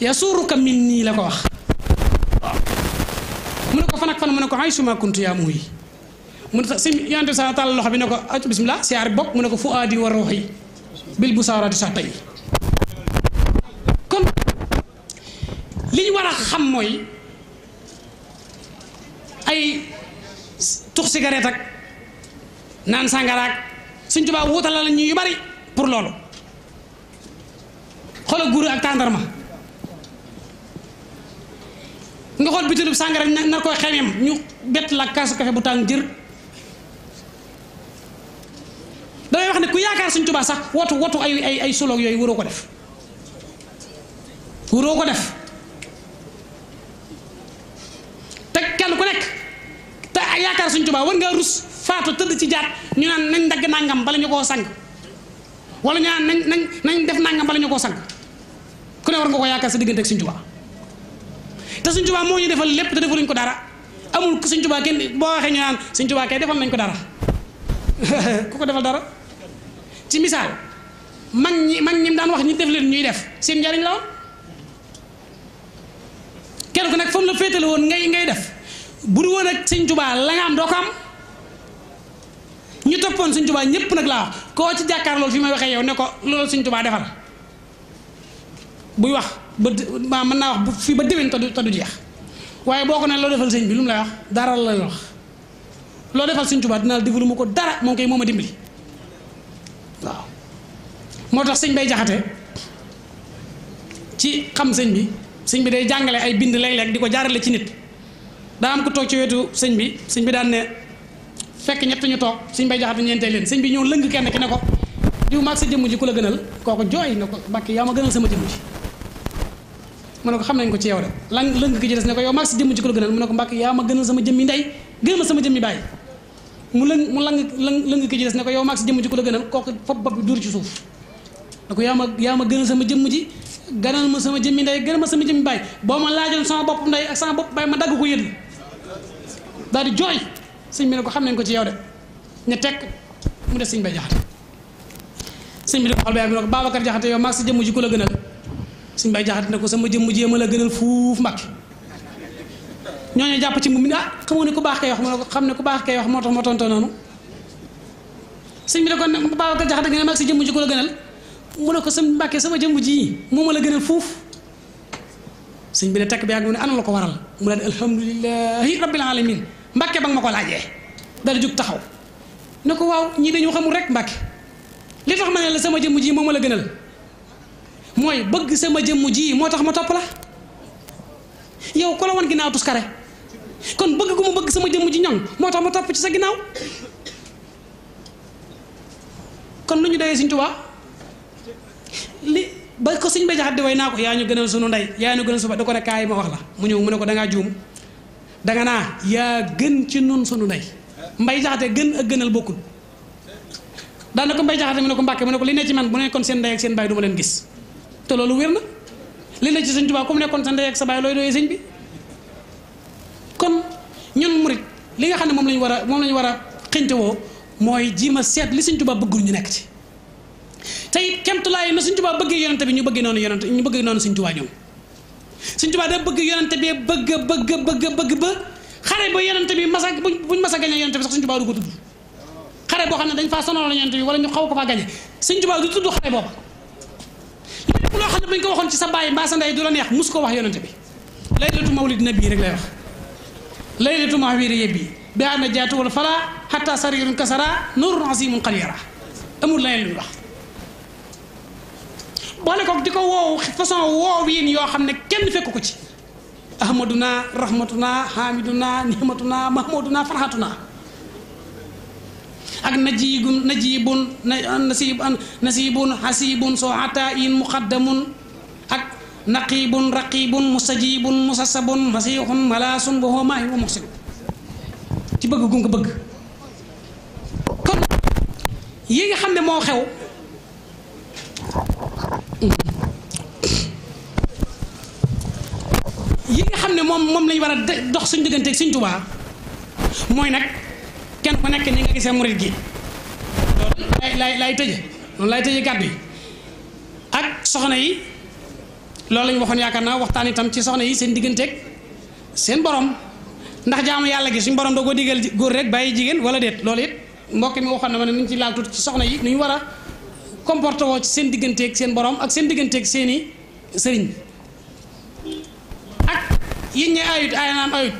ya minni la ko wax waaw mu ne ko fan ak mu ne ko ay suma kuntu ya muy mu ne si yonent sa tàll loxo bi ne ko bismillah siar bok mu ne ko wa ruhi bil busarati sa tay ñu war a xam mooy ay tux cigarette ak naan sàngaraak suñ tubaab wuutala la ñu bari pour loolu xoolal guru ak tàndarma nga xool bitilub sàngara na nar koy xemem ñu bett la kaasu kafe bu tàng jër damay wax ne ku yaakaar suñ tubaab sax wotu wotu ay ay ay suloog yooyu waroo ko def waroo ko def te kenn ku nek te yaakar suñu tuba war nga rus faatu teud ci jaat ñu naan nañ dag nangam bala ñu koo sang wala ñaan nañ nañ def nangam bala ñu koo sang ku ne war nga ko yaakar sa diggante ak suñ tubaab te suñu tuba mo ñu defal lepp te defaluñ ko dara amul ku suñu tuba kenn bo waxe ya, ñu naan suñu tuba kay defal nañ ko dara ku ko defal dara ci misal man ñi man ñi daan wax ñi def leen ñuy def seen njariñ la won kenn ku nekk fa la féetale woon ngay ngay def bu du woon ak sëñ tubaa la nga am doo ko am ñu toppoon sëñ tubaa ñëpp nag laa wax koo ci jàkkaar loolu fi may waxee yow ne ko loolu sëñ tubaa defal buy wax ba mën naa wax fii ba déwén te du jeex waaye boo ko ne loo defal sëñ bi lu mu lay wax dara la wax loo defal sëñ tubaa dinaa defalu ma ko dara moom koy moom a dimbali waaw moo tax sëñ bay jaxate ci xam sëñ bi sëñ bi day jàngale ay bind léeg-léeg di ko jaarale ci nit daa am ko toog ci wetu sëñ bi sëñ bi daan ne fekk ñett ñu toog sëñ bay jaxate ñeenteel leen sëñ bi ñëw lëng kenn ki ne ko diw maag sa jëmm ji ku la gënal kooku jooy ne ko mbàkke yow ma gënal sama jëmm ji mu ne ko xam nañ ko ci yow de lan ki ci des ne yow maag jëmm ji ku la gënal mu ko mbàkke yaa ma gënal sama jëmmi ndey gënal ma sama jëmmi bàyyi mu lëng mu lang lëng ki ci des ne ko yow maag sa jëmm ji ku la gënal kooku fop bopp duur ci suuf ne ko yaa ma yaa ma gënal sama jëmm ji gënal ma sama jëmmi ndey gënal ma sama jëmmi baay boo ma laajoon sama bopp ndey ak sama bopp baay ma dagg ko yëdd daal di jooy sëñ bi ne ko xam nañ ko ci yow de ñu mu des sëñ bay jaxate sëñ bi di ko ba yàgg ne ko Babacar jaxate yow maag sa jëmm ji la gënal sëñ bay jaxate ne ko sama jëmm ji ma la gënal fuuf mbàkke ñooñu jàpp ci mu ne ah xamoo ne baax kay wax moo xam ne ku baax kay wax moo tax ma tontoo noonu sëñ bi ne ko Babacar jaxate nga ne maag si jëmm ji ku la gënal mu ne ko sëñ Mbàkke sama jëmb ji moo ma la gënal fuuf sëñ bi ne takk bi ak mu ne ana la ko waral mu ne alhamdulilahi rabbil alamin Mbàkke ba nga ma ko laajee dal di taxaw ne ko waaw ñii dañu xamul rek Mbàkke li tax ma ne la sama jëmb ji moo ma la gënal mooy bëgg sama jëmmu ji moo tax ma topp la yow ku la wan ginnaaw tuskare kon bëgg ko ma bëgg sama jëmmu ji ñoŋ moo tax ma topp ci sa ginnaaw kon lu ñu doyee Sëñ Tuubaa li ba ko suñ bay jaxat di way naa ko yaa ñu gënal sunu ndey yaa ñu gënal suba da ko ne kaay ma wax la mu ñëw mu ne ko dangaa juum danga naa yaa gën ci nun sunu ndey mbay jaxate gën ak gënal bokkul daana ko mbay jaxate mu ne ko mbàkke mu ne ko li ne ci man bu nekkoon seen ndey ak seen baay du loolu wér na li ne ci sëñ Tuubaa ku mu nekkoon sa ndey ak sa baay looy doyee sëñ bi kon ñun murit li nga xam ne moom lañu war a moom lañu war a xëñte woo mooy ji ma seet li sëñ Tuubaa bëggul ñu nekk ci te it kemtulaay na suñ tubaa bëggee yonente bi ñu bëggee noonu yonente ñu bëggee noonu suñ tubaa ñoom suñ tubaa da bëgg yonente bi bëgg bëgg bëgg bëgg ba xare ba yonente bi masa buñ masa gañe yonente bi sax suñ tubaa du ko tudd xare boo xam ne dañ faa sonal la yonente bi wala ñu xaw ko faa gañe suñ tubaa du tudd xare booba lépp loo xam ne buñ ko waxoon ci sa bàyyi mbaa sa ndey du la neex mus ko wax yonente bi laylatu mawlid nabi rek lay wax laylatu mawlid yebbi bi ana jaatu wala fala hatta sarirun kasara nurun azimun qalira amul leneen lu wax boole ko di ko woow façon woow yin yoo xam ne kenn fekk ko ci ahmaduna rahmatuna hamiduna nihmatuna mahmuduna farhatuna ak najibun najibun nasibun nasibun hasibun sohata in ak naqibun raqibun mustajibun musassabun masihun malasun wa huwa maahi wa muxsin ci bëgg gu nga bëgg yi nga xam ne moo xew yi nga xam ne moom moom lañ war a dox suñ diggante ak suñ tubaa mooy nag kenn ku nekk ni nga gisee murit gi loolu lay lay lay tëje loolu lay tëje gàddu yi ak soxna yi loolu lañ waxoon yaakaar naa waxtaan itam ci soxna yi seen digganteeg seen borom ndax jaamu yàlla gi suñ borom da ko digal góor rek bàyyi jigéen wala déet loolu it mbokk mi waxoon na ma ne ci laal tuuti ci soxna yi nu ñu war comporté woo ci seen digganteeg seen borom ak seen digganteeg seeni i sëriñ ak yéen ñee ayut aaya ayut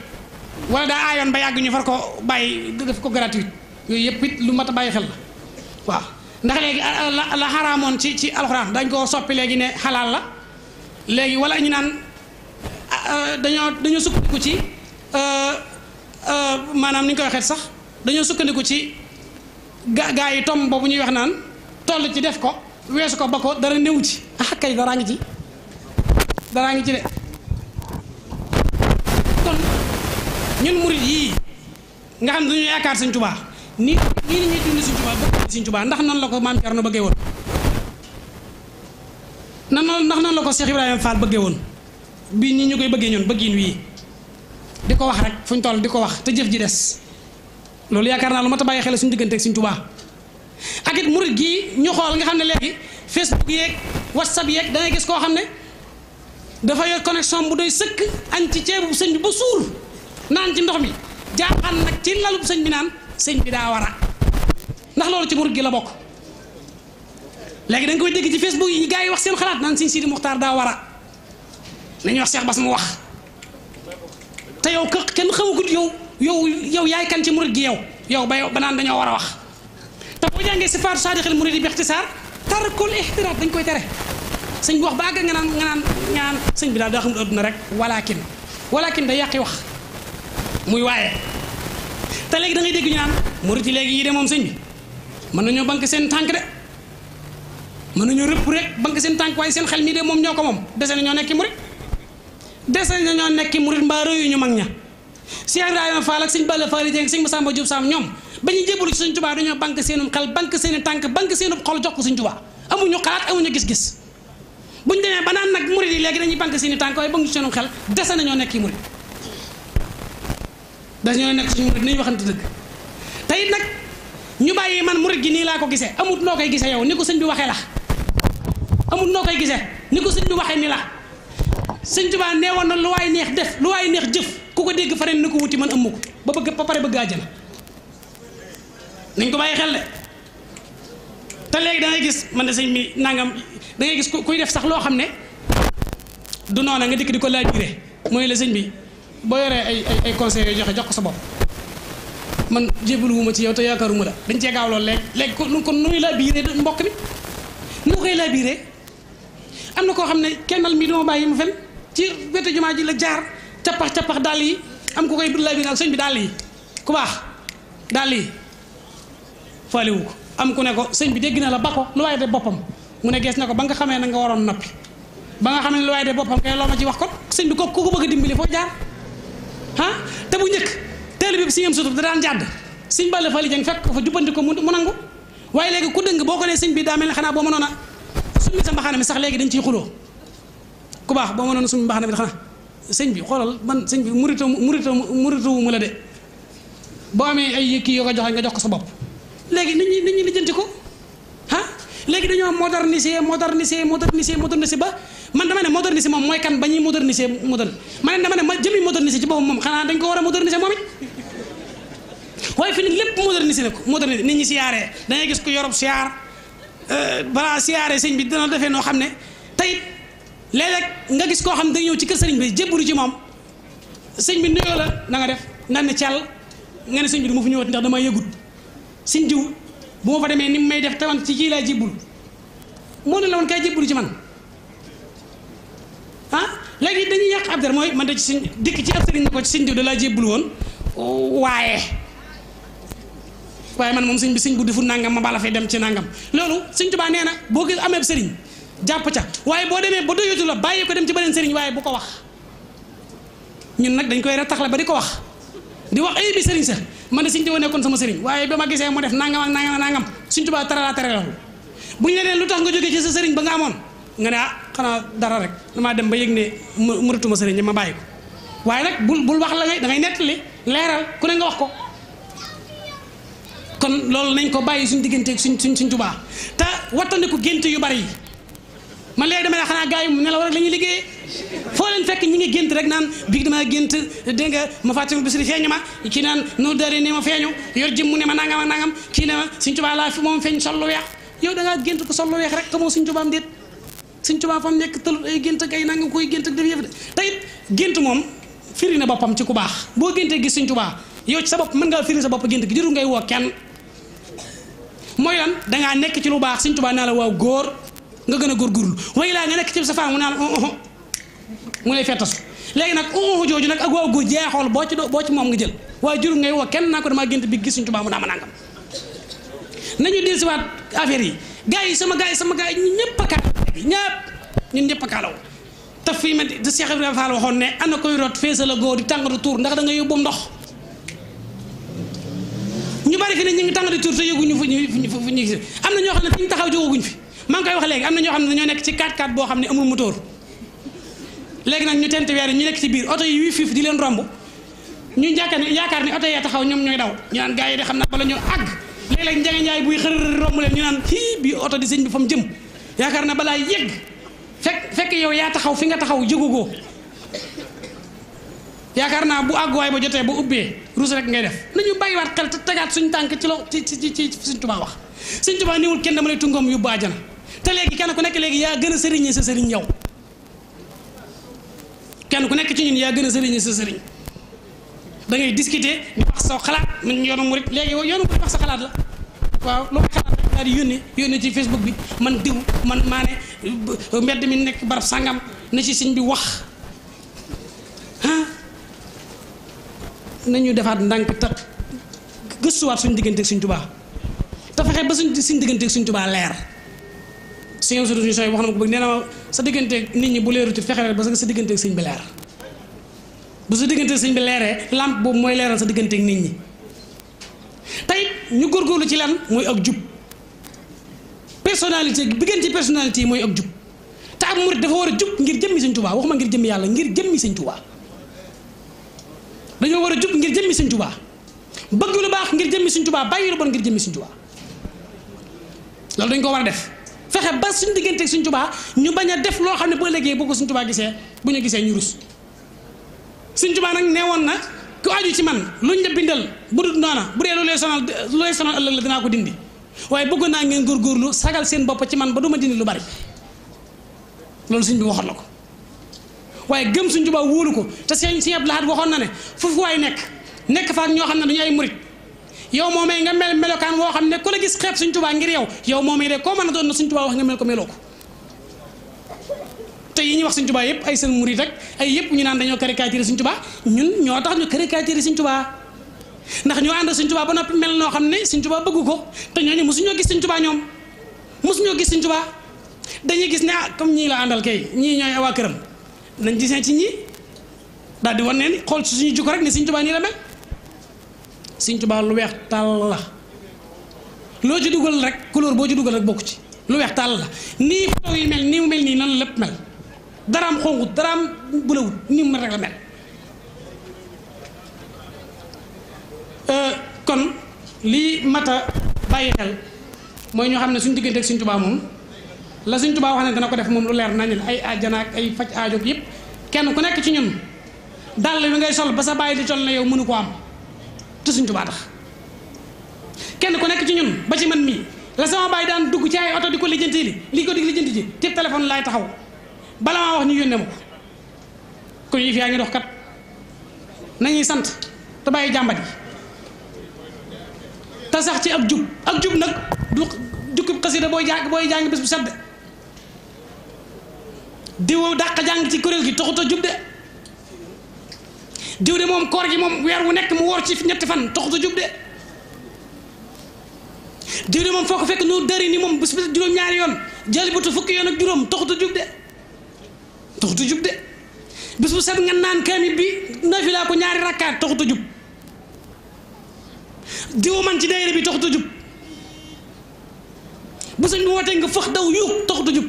wala daa aayoon ba yàgg ñu far ko bàyyi def ko gratuite yooyu yëpp it lu mat bàyyi xel la waaw ndax léegi la xaraamoon ci ci alxuraan dañ koo soppi léegi ne xalaal la léegi wala ñu naan dañoo dañoo sukkandiku ci maanaam ni ñu koy waxee sax dañoo sukkandiku ci gaa gaa yi tom boobu ñuy weex naan toll ci def ko wess ko bako dara new ci ah kay dara ngi ci dara ngi ci de kon ñun murit yi nga xam ne dañu yaakaar Sëñ Tuubaa ni nii ñuy dund Sëñ touba bu Sëñ touba ndax nan la ko mam Cerno bëgge won nan la ndax nan la ko Cheikh ibrahim Fall bëgge won bi ñi ñu koy bëggee ñun bëggin wi diko wax rek fuñ toll diko wax te jëf ji dess loolu yaakaar na lu mata baye xel suñu digënté ak touba ak it murit gii ñu xool nga xam ne léegi facebook yeeg whatsapp yeeg da ngay gis koo xam ne dafa yor connexion bu doy sëkk añ ci ceebu sëñ bi ba suur naan ci ndox mi jaaxaan nag ci lalub sëñ bi naan sëñ bi daa war a ndax loolu ci murit gi la bokk léegi da koy dégg ci facebook yi gaa yi wax seen xalaat naan sëñ Sidi Muxtaar daa war a nañu wax Cheikh Bass mu wax te yow kenn xamu ko yow yow yow yaay kan ci murit gi yow yow ba yow ba naan dañoo war a wax te boo jàngee sifaatu saadixil muridi bi ixtisaar tarkul ixtiraat dañ koy tere sëñ bi wax ba àgg nga naan nga naan nga naan sëñ bi daal daa xam ne adduna rek walakin walakin da yàqi wax muy waaye te léegi da ngay dégg ñu naan murit yi léegi yii de moom sëñ bi mën nañoo banque seen tànk de mën nañoo rëpp rek banque seen tànk waaye seen xel mii de moom ñoo ko moom dese na ñoo nekki murit dese na ñoo nekki murit mbaa rëyu ñu mag ña Cheikh Ibrahima Fall ak sëñ Balla Fall Dieng sëñ Massamba Diop Sam ñoom ba ñu jébbalu ci sëñ Tuubaa dañoo banque seenum xel banque seeni tànk banque seenum xol jox ko sëñ Tuubaa gis-gis ñu demee ba naan nag murid yi léegi dañuy banque seeni tànk waaye banque seenum xel dese nañoo nekk yi murid dañoo nekk suñu murid nañu waxante dëgg te nag ñu bàyyi man murid gi nii laa ko gisee amut noo koy gisee yow ni ko sëñ bi waxee la amut noo koy gisee ni ko sëñ bi waxee ni la sëñ Tuubaa nee woon na lu waay neex def lu waay neex jëf ku ko dégg faren ni ko wuti man ëmmu ko ba bëgg ba pare bëgg àjjana nañ ko bàyyi xel de te léegi da ngay gis man de sëñ bi nangam da ngay gis kuy def sax loo xam ne du noona nga dikk di ko laaj biire mooy la sëñ bi boo yoree ay ay conseils yooyu joxe jox ko sa bopp man jébbalu wu ci yow te yaakaaruma la dañ cee gaaw loolu léegi léegi kon nuy laa mbokk mi nu koy laa am ko xamne kenal mi duma bàyyi mu fen ci wete jumaa ji la jaar cappax cappax dal yi am ku koy lay bi nag sëñ bi dal yi ku bax dal yi fali wu am ku ne ko sëñ bi dégg na la bako lu waaye de bopam mu ne gees nako ba nga xamee na nga waron nopi ba nga xam lu waaye de bopam kay ma ci wax ko bi ko ku ko bëgg dimbali fo jaar ha te bu tele bi si sutu da daan jadd sëñ Balla fali jeng fekk ko fa jubandiko mu nangu waye legi ku deung boko ne bi da mel xana bo summi sa mbaxana mi sax léegi dañ ciy xuloo ku baax boo mënoon summi mbaxana mi xanaa sëñ bi xoolal man sëñ bi murita murita muritawu mu la de boo amee ay kii yoo ko joxe nga jox ko sa bopp léegi nit ñi nit ñi lijjanti ko ah léegi dañoo moderniser moderniser moderniser moderniser ba man dama ne moderniser moom mooy kan ba ñuy moderniser moderne ma ma jëmi moderniser ci boppam moom xanaa dañ ko war a moderniser moom it waaye fi ne lépp moderniser na ko moderniser nit ñi siyaaree dangay gis ko Europe siyaar Euh, balaa siyaare sëñ bi dina defee noo xam ne tey léeg-léeg nga gis koo xam day ñëw ci kër sëriñ bi jébbalu ci moom sëñ bi nuyoo la na nga def nan ne càll nga ne sëñ bi du ma fi ñëwaat ndax damaa yëgut sëñ jiw bu fa demee ni mu may def tamit ci kii laa jébbul moo ne la woon kay jébbalu ci man ah léegi dañuy yàq ab mooy man de ci sëñ dikk ci ab sëriñ ne ko ci sëñ jiw da laa jébbul woon waaye waaye man moom sëñ bi sëñ bu defu nangam ma bala fay dem ci nangam loolu sëñ tuba nee na boo gis amee sëriñ jàpp ca waaye boo demee ba doyatu la bàyyi ko dem ci beneen sëriñ waaye bu ko wax ñun nag dañ koy retax ba di ko wax di wax ay bi sëriñ sa man de sëñ Tuubaa nekkoon sama sëriñ waaye ba ma gisee mu def nangam ak nangam ak nangam sëñ tuba tere laa tere loolu bu ñu la lu tax nga jógee ci sa sëriñ ba nga amoon nga ne ah xanaa dara rek dama dem ba yëg ne murituma sëriñ ma bàyyi ko waaye nag bul bul wax la ngay da ngay nettali leeral ku ne nga wax ko kon loolu nañ ko bàyyi suñ digganteeg suñ suñ suñ tubaa te wattandiku gént yu bari yi man léegi dama ne xanaa gars yi nelaw rek la ñuy liggéeyee foo leen fekk ñi ngi gént rek naan biig dama gént dégg nga ma fàttali bisiri feeñu ma kii naan noo dare ne ma feeñu yor jëm mu ne ma nangam ak nangam kii ne ma suñ tubaa laa fi moom feeñ sol lu weex yow da ngaa gént ko sol lu weex rek xamoo suñ tubaam déet suñ tubaa fam nekk tëlut ay gént ak ay nangam koy gént ak def yëf de te it gént moom firi na boppam ci ku baax boo géntee gis suñ tubaa yow ci sa bopp mën ngaa firi sa bopp gént gi jëru ngay woo kenn mooy lan dangaa nekk ci lu baax Sëñ Tuubaa naa la waaw góor nga gën a góorgóorlu way laa nga nekk ci sa faan mu naa la uh, uh, uh. mu lay fettasu léegi nag uhu jooju nag ak waaw góor jeexool boo ci boo ci moom nga jël waaye jur ngay woo kenn naa ko bi gis Sëñ Tuubaa mu naa ma nangam affaire yi gars yi sama gars yi sama gars yi ñun ñëpp a kaalaw ñun ñëpp a te fii ma di Cheikh Ibrahima waxoon ne ana koy rot feesa la góor di tàngatu tuur ndax da nga yóbbu ndox ñu bari fi ne ñu ngi tàng di tur te yëguñu fu ñu fu ñu gis am na ñoo xam ne fi ñu taxaw jógaguñ fi maa koy wax léegi am na ñoo xam ne ñoo nekk ci 4 x boo xam ne amul moteur léegi nag ñu tent weer yi ñu nekk ci biir oto yi wii fiif di leen romb ñu jàkkaar ne yaakaar ne oto yee taxaw ñoom ñooy daw ñu naan gars yi de xam na bala ñoo àgg léeg-léeg njege njaay buy ñu naan hii bi oto di sëñ bi yaakaar na balaa yegg fekk fekk yow yaa taxaw fi nga taxaw jëgugoo yaakaar naa bu àgguwaay ba jotee ba ubbee rus rek ngay def nañu bàyyiwaat xel te tegaat suñu tànk ci la ci ci ci suñ tubaa wax suñ tubaa niwul kenn dama lay tungoom yóbbu àjjana te léegi kenn ku nekk léegi yaa gën a sëriñi sa sëriñ yow kenn ku nekk ci ñun yaa gën a sa sëriñ da ngay discuter di wax sa xalaat man yoonu murit léegi yoonu murit wax sa xalaat la waaw lu may xalaat rek yónni yónni ci Facebook bi man diw man maa ne mbedd mi nekk barab sàngam na ci sëñ bi wax nañu defaat ndànk te gëstuwaat suñu digganteeg suñ tubaa te fexe ba suñ suñ digganteeg suñ tubaa leer suñu solution yi wax na ma ko sa digganteeg nit ñi bu leeruti fexe ba sa digganteeg sëñ bi leer bu su digganteeg sëñ bi leeree lampe boobu mooy leeral sa digganteek nit ñi tey ñu góor góorgóorlu ci lan mooy ak jub personnalité bi gën ci personnalité yi mooy ak jub te ab murit dafa war a jub ngir jëmmi sëñ tubaa waxuma ngir jëmmi yàlla ngir jëmmi sëñ tubaa dañu wara jup ngir jëmmi Sëñ touba bëgg lu baax ngir jëmmi Sëñ touba bayyi lu bon ngir jëmmi Sëñ touba lolou dañ ko wara def fexé ba suñu digënté Sëñ touba ñu baña def lo xamné bo léggé bu ko Sëñ touba gisé bu ñu gisé ñu rus Sëñ touba nak néwon na ko aju ci man luñu la bindal bu dut nana bu dé lu lay sonal lu lay sonal ëlëk la dina ko dindi waye bëgg na ngeen gor góorgóorlu sagal seen bop ci man ba duma dindi lu bari lolou sëñ bi waxal nako waaye gëm suñ Tuubaa wóolu ko te seen si Abdou Lahad waxoon na ne foofu waay nekk nekk fa ñoo xam ne dañu ay murit yow moomee nga mel melokaan woo xam ne ku la gis xeeb suñ Tuubaa ngir yow yow moomee de koo mën a doon na suñ Tuubaa wax nga mel ko meloo te yi ñuy wax suñ Tuubaa yëpp ay seen murit rek yëpp ñu naan dañoo caricature suñ Tuubaa ñun ñoo tax ñu caricature suñ Tuubaa ndax ñoo ànd suñ Tuubaa ba noppi mel noo xam ne suñ Tuubaa bëgg ko te ñooñu mosuñoo gis suñ Tuubaa ñoom mosuñoo gis suñ Tuubaa dañuy gis ne ah comme ñii la àndal kay ñii ñooy waa këram nañ gisee ci ñi daldi di wan ne ni xool si suñu jukko rek ne Sëñ Tuubaa nii la mel Sëñ Tuubaa lu weex tàll la loo ci dugal rek couleur boo ci dugal rek bokku ci lu weex tàll la nii photo yi mel nii mu mel nii nan lépp mel daraam xonqut daraam bulawut nii mu rek la mel euh, kon lii mata bàyyi xel mooy ñoo xam ne suñ diggante ak Sëñ Tuubaa moom la suñ tubaa wax ne dana ko def moom lu leer nañ la ay ajjanaak ay faj aajoog yëpp kenn ku nekk ci ñun dàll bi ngay sol ba sa bàyyi di tol na yow mënu koo am te suñ tubaa tax kenn ku nekk ci ñun ba ci man mii la sama bàyyi daan dugg ci ay oto di ko lijjanti li li ko dig lijjanti ji tip téléphone laay taxaw balaa maa wax ñu yónnee ma ko yii fi yaa ngi dox kat nañuy sant te bàyyi jàmbat yi te sax ci ab jub ak jub nag du jukkib xasida booy jàng booy jàng bés diw dàq jang ci kuréel gi taxut jub de diw de mom koor gi mom wer wu nek mu wor ci ñett fan taxut jub de diw de mom foko fek fekk nu ni mom bis bis juroom ñaari yoon jëli butu fukki yoon ak juroom taxut jub de taxut jub de bis bu set nga naan kami bi nafila ko ñaari raka, taxut jub diw man ci daayira bi taxut jub bu sëñ wote nga fakh daw yu jub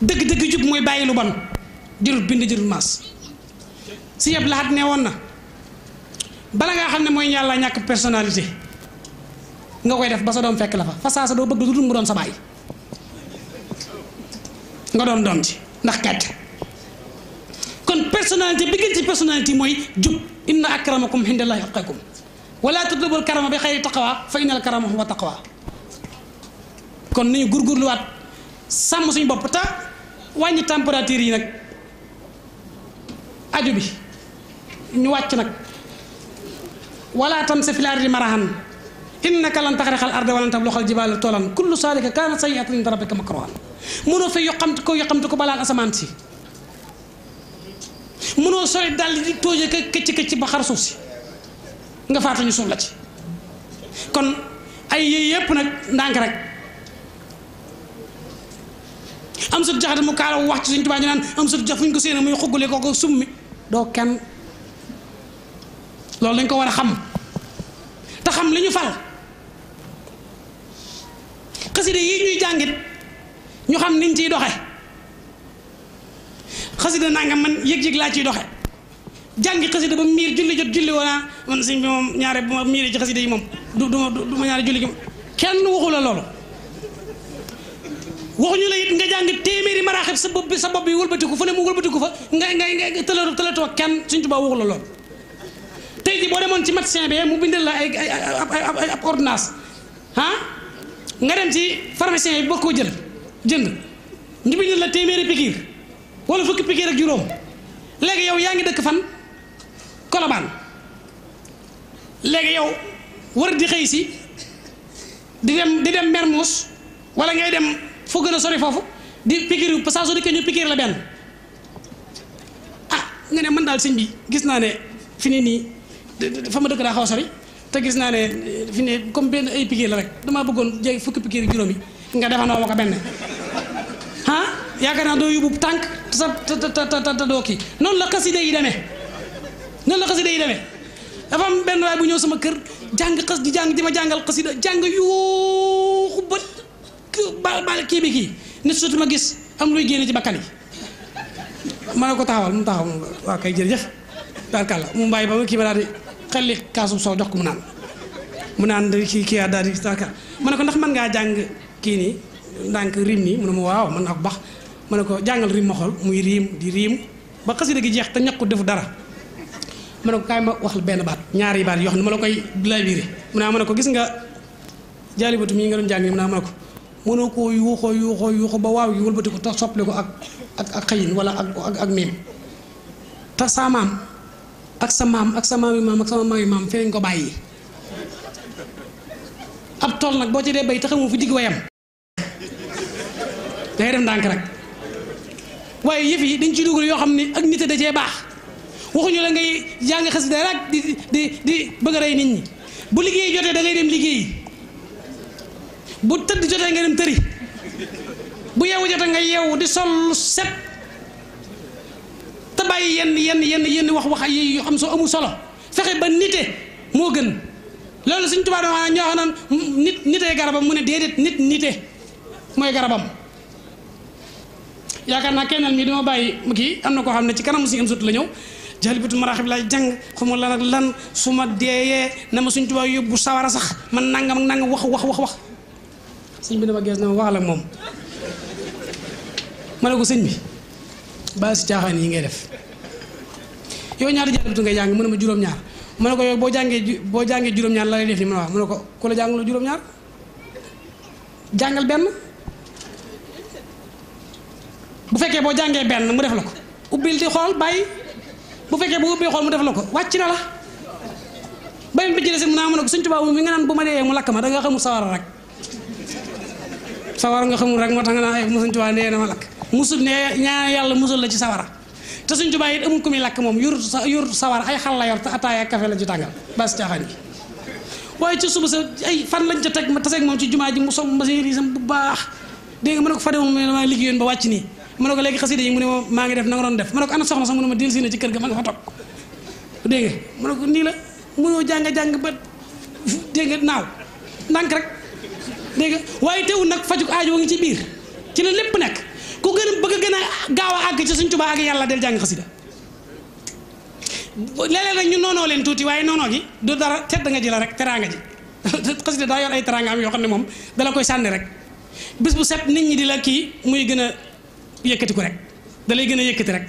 deug deug jup moy baye lu ban dirul bind dirul mas si yeb lahat ne na bala nga xamne moy mooy ñak personnalité nga koy def ba sa doom fekk la fa fa sa do bëgg mu doon sa baye nga doon doon ci ndax kat kon personnalité bi gën ci personnalité moy jup inna akramakum indallahi atqakum wala tutlubul karama bi khayri taqwa fa innal karama huwa taqwa kon gurgurlu wat sam suñu bop ta wàññi température yi nag ajo bi ñu wàcc nag wala tamsa fil ardi marahan innaka lan taxriqal arda walan tabluxal jibaala toolan kullu saalika kaana sayyi'atan inda rabbika makruhan mënoo fee yoqamti ko yoqamti ko balaa asamaan si mënoo sori dal di tooje ka këcc këcc ba xar suuf si nga faatuñu suuf la ci kon ay yëpp nag ndànk rek. am sut jaxate mu kaalaw wax ci suñ tubaa ñu naan am sut jax fu ñu ko séen muy xuggalee kooku summi doo kenn loolu dañ ko war a xam te xam li ñu fal xasida yi ñuy jàngit ñu xam niñ ciy doxe xasida nanga man yëg-yëg laa ciy doxe jàngi xasida ba miir julli jot julli woonaa man sëñ bi moom ñaare bu ma miiree ci xasida yi moom du du ma ñaare julli gi kenn waxu la loolu waxuñu la it nga jang téméri maraxib sa bopp bi sa bopp bi batiku fa ne mu batiku fa nga nga nga tëlëru tëlëtoo kan suñ tuba waxu la lool tay di bo demone ci médecin bi mu bindal la ay ay ab ordonnance ha ah? nga dem ci pharmacien bi boo jël jënd ñu bindal la téméri pikir wala fukk pikir ak juroom légui yow yaangi dëkk fan kolaban légui yow war di xey ci di dem di dem Mermoz wala ngay dem foo gën sori fofu di pikiru saa sori ke ñu pikir la ben ah nga ne man dal señ bi gis na ne fini ni fa ma dëkk da xaw sori te gis na ne fini comme ben ay pikir la rek dama bëggoon jey fukk pikir juróomi nga defa noo ma ko ha? Ah, ya yaakaar naa tank, yóbbu tànk sa ta ta do ki non la qasida yi demé non la qasida yi demé dafa am ben way bu ñew sama kër jang qas di jang di ma jangal qasida jang yu xubat Ku bal ki bi ki nit magis ma gis am luy gene ci bakali yi ma ko taxawal mu taxaw wa kay jërëjëf barkalla dal kala mu kii ba ki di xali kasu so dox ko mu nan mu nan ki ki ya saka ndax man nga jang ki ni dank rim ni mu ne ma waaw man ak bax baax ko rim ma xol muy rim di rim ba xasida gi jeex ta ñakku def dara ma ko ma waxal ben baat ñaari baat yo xam na ma la koy mu na gis nga mi nga don mu na mënoo koo yuuxoo yuuxoo yuuxoo ba waaw yi wëlbati ko te soppali ko ak ak ak xëyin wala ak ak ak miim te sa maam ak sa maam ak sa maam yi maam ak sama maam yi maam fee ko bàyyi ab tool nag boo ci dee bay te xamoo fu digg wayam day def ndànk rek waaye yëf yi dañ ciy dugal yoo xam ne ak nit da cee baax waxuñu la ngay jàng xasida rek di di di bëgg a rey nit ñi bu liggéey jotee da ngay dem liggéey. bu tëdd jotté nga teuri bu yeewu jotté nga yeewu di sol set ta bàyyi yenn yenn yenn yenn wax wax yi yu xam so amu solo fexé ba nité mo gën lolu do nit nité garabam mu né dédét nit nité moy garabam yaakaar naa kennal mi dama bàyyi mu ki amna ko koo ci kanam suñu am sut la ñew jalibatu marahib laay jang xuma la nak lan suma ma na ma sawara sax man nangam ak wax wax wax wax seigne bi dama gess na wax la mom moom ko bi bàyyi si caaxaan yi ngay def ñaar ñaari tu ngay jàng mu ne ma juróom-ñaar ma ne ko yow bo jàngee boo jàngee juróom-ñaar la lay def ni ma wax waaw mu ko ku la lu juroom ñaar jàngal ben bu fekkee bo jàngee ben mu def la ko ubbil di xol bay bu fekkee bu ubil xol mu def la ko na la beneen bi ci mu naa ma ko sëñ tubaab mi nga nan buma ma mu lakama da nga xamu sawara rek sawara nga xamul rek motax nga naan ay musuñ tubaa ma lak musul ne yalla musul la ci sawara te suñ tuba it amul kumi lak mom yur yur sawara ay xal la yor ta ataya kafe la ci tangal bas caaxaan yi waaye ci suba ay fan lañ ci tek ma tasek mom ci juma ji mu soog ma seen risam bu baax de nga manako fa dem ma liggéeyoon ba wacc ni manako legi ko xasida yi mu ne ma ngi def na nga don def manako ana soxna sax mu ne ma dil sina ci kër ga ma fa tok de nga manako ni la mu jang jang ba de nga naw nank rek dégg waye waaye nak nag fajuk aaju ngi ci bir ci la lepp nak ku gën bëgg gëna gaawa ag ci suñ tubaa ag yalla del jang xasida léeg-léeg ñu nono leen tuti waaye nono gi du dara tedd nga ji la rek teranga ji xasida da yor ay teranga am yo xamne mom da dala koy sanni rek bis bu set nit ñi di la ki muy gëna yëkëti ko rek da lay gëna yëkëti rek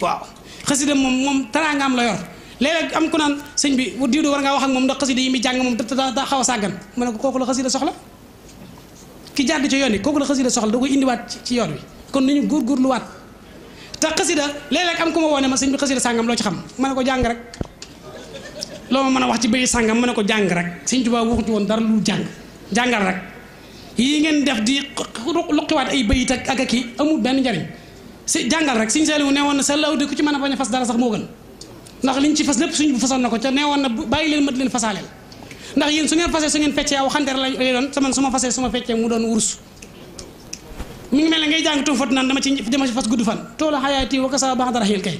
waaw xasida mom mom teranga am la yor léeg am ku nan señ bi diw war nga wax ak mom ndax xasida yi muy jàng da xawa sagan mané ko la xasida soxla ki jàdd ci yoni koku la xasida soxal dagu indi wat ci yoon wi kon gor lu wat ta léeg-léeg am kuma woné ma señ bi xasida sangam lo ci xam ma ne ko jàng rek lo ma mëna wax ci béy sangam ma ne ko jàng rek señ tuba waxu ci won dara lu jang jangal rek yi ngeen def di luqiwaat ay tak ak ak kii amu ben njariñ si jangal rek señ selu ne na seetlu de ku ci mëna bañ fas dara sax mo gën ndax liñ ci fas lepp sëñ bu fasoon ca ne na bàyyi leen mat leen fasaaleel ndax yeen su ngeen fasee su ngeen feccee aw xandeer lay doon sama suma fassé suma su mu doon wurus mi ngi mel ngay jang tu fot nan dama ci dama ci fass guddu fan toola hayati wa kasaba ba dara hil kay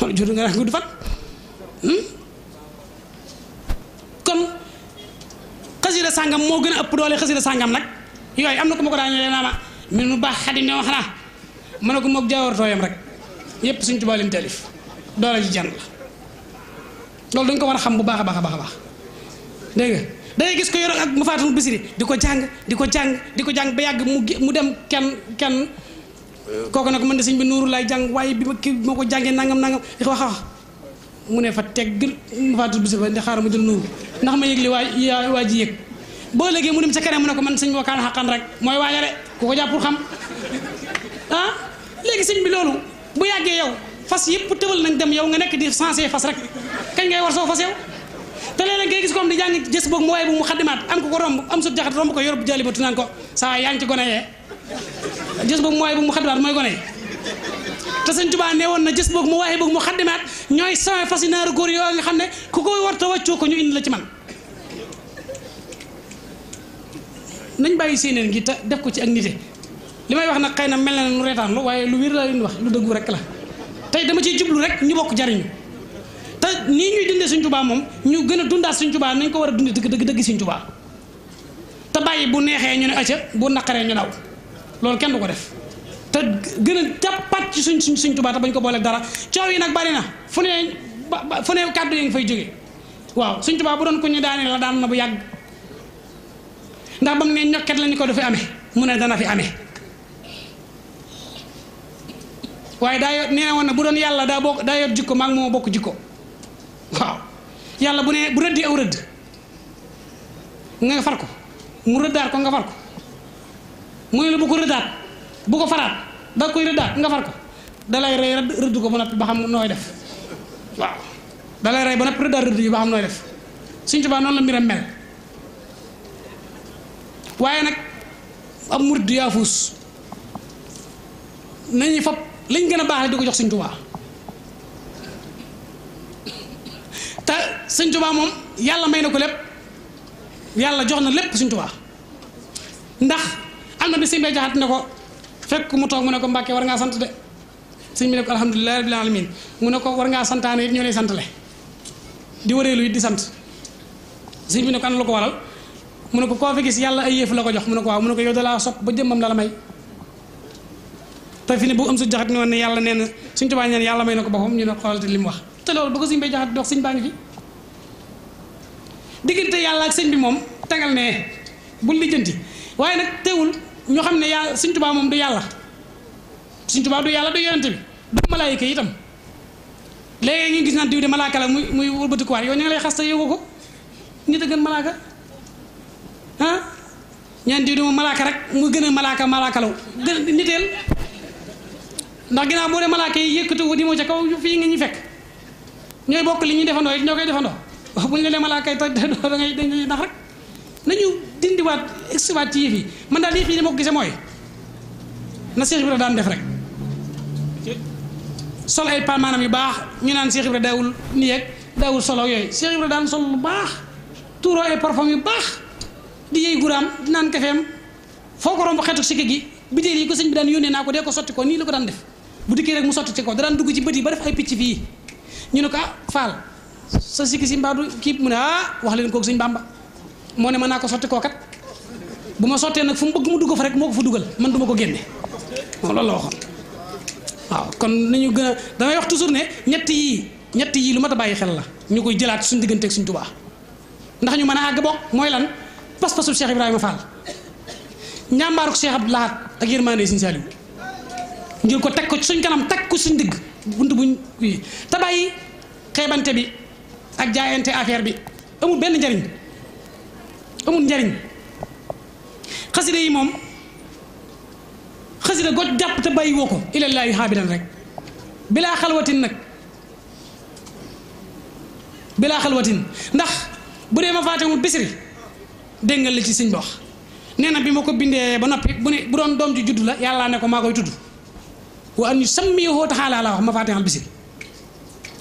wala jur nga guddu fan hmm? kon khazira sangam mo gëna ëpp doole khazira sangam nak yoy amna ko ma ko daan leen ma min mu baax xadi ne ma xanaa ma ne ko moog jaawartooyam rek yépp suñ tubalim doole ji jan la loolu dañ ko wara xam bu baaxa baaxa baaxa baax dégg nga dangay gis ko yoro ak mu faatul bisiri di ko jàng di ko jàng ba yag mu dem ken ken koko nak man na sëñ bi nuru lay jang waye bima ki kii jangé nangam nangam di wax wax mu ne fa tegg mu faatul bisiri ba di xaaral ma ndax ma yegli li waji waa ya-, bo legge mu dem ci kanam mu ne man seigne bi kaan haqan rek moy waaja re kuko ko jàppul xam ah legge seigne bi loolu bu yagge yow fas yep tëbal nañ dem yow nga nek di sensé fas rek kañ ngay war so fas yow te léeg-léeg ngay gis ko am di jàng jës boog mu waaye bu mu xaddimaat am ko ko romb am sut jaxat romb ko yorub jali ba ko saa yaa ngi ci gone yee jës boog mu waaye bu mu xaddimaat mooy gone yi te sëñ na jës boog mu waaye boog mu xaddimaat ñooy sama fas yi naaru góor yoo nga xam ne ku koy war ta wàccoo ko ñu indi la ci man nañ bàyyi séeneen gi te def ko ci ak nite li may wax nag xëy na mel na nu reetaan lu waaye lu wér la leen wax lu dëggu rek la tey dama ciy jublu rek ñu bokk jariñu ta ni ñuy dundé señ touba mom ñu gëna dundat señ touba nañ ko war a deug deug deug señ touba ta bayyi bu nexé ñu né acca bu nakaré ñu naw lool kenn duko def ta gëna a ci señ señ suñ tubaa bañ ko bolé dara ciow yi nak bari na fu ne fu ne kàddu yi ngi fay jóge waaw señ touba bu doon ko ñu daané la daan na bu yagg ndax bam né ñokkat lañ ko du amé mu né dana fi amé waye da nee woon na bu doon yalla da bok da yot jikko mak mo bok jikko waaw yàlla ya bu ne bu rëddee aw rëdd nga far ko mu rëddaat ko nga far ko mu ne la bu ko rëddaat bu ko faraat da koy rëddaat nga far ko dalay rey rëdd rëdd ko ba noppi ba xam nooy def waaw dalay rey ba noppi rëddaat rëdd yi ba xam nooy def Sëñ Tuubaa noonu la mbiram mel waaye nag am murid du yaafuus nañu fab liñ gën a baax di ko jox Sëñ Tuubaa sëñ tubaa mom yalla may na ko lepp yalla jox na lépp sëñ tubaa ndax am na bi sëñ be jahat nako fekk mu tok mu nako ko war nga sant de sëñ mi nako alhamdullilah rabbil alamin mu nako war nga santane nit ñoo lay le di wareelu it di sant sëñ mi nako an lako waral mu nako ko fi gis yalla ay yef lako jox mu nako waaw mu nako yow ba jëmmam la may ta fini bu am su jahat ne ne yalla neena yalla may nako ñu ne wax te ba ko be jahat dox fi digënté yalla ak sëñ bi mom tégal né bu lijeenti waaye nak téwul ñu xamné ya sëñ tuba mom du yalla sëñ tuba du yalla du yonent bi du malaayika itam léegi ñu gis na diiw de malaaka la muy muy ko war yo ngi lay xasta te ko ñi a malaaka ah ñaan diiw de moom malaaka rek mu gëna malaaka malaaka law nitel ndax gina mo re malaaka yi wu di mo ca kaw fi nga ñi fekk ñoy bokk li ñi defandoo ñokay ñoo buñ la ne malaaka yi toj da ngay dañ nax rek nañu dindiwaat wat ci yëf yi man dal yëf ni ma ko na Cheikh Ibrahima daan def rek sol ay paan manam yu bax ñu naan Cheikh Ibrahima dawul ni ak dawul solo yoy Cheikh Ibrahima daan sol lu bax touro ay parfum yu bax di yey guram naan kafeem foo ko romb xetuk sikki gi bitéel yi ko señ bi daan yone naa ko ko soti ko ni la ko daan def bu dikkee rek mu soti ci ko daan dugg ci beuti ba def ay picc fi ñu ne ko fal sa sikki sin baadu ki mu na mana wax leen ko sëñ bamba mo ne manako soti ko kat buma bu nak fu mu mu dugg fa rek moko fa duggal man duma ko genné la waxon waaw kon niñu gëna waktu wax toujours ne ñett yi ñett yi lu mata bayyi xel la ñukoy jëlaat suñu ak suñu tuba ndax ñu mëna ag bok moy lan pas passu Cheikh Ibrahima Fall ñàmbaaruk Cheikh abdullah ak yermane Sëñ salim ngir ko tek ko suñu kanam tek ko suñu digg buntu buñ bi ak jaayante affaire bi amul benn njariñ amul njariñ xasida yi moom xasida goj jàpp te bàyyi woo ko ilallaahi xaabidan rek bilaa xalwatin nag bilaa xalwatin ndax bu dee ma faatewul bisiri dégg nga li ci sëñ bi wax nee na bi ma ko bindee ba noppi bu ne bu doon doom ju juddu la yàlla ne ko maa koy tudd wa an ñu sammi woo taxaalaa la wax ma faatewul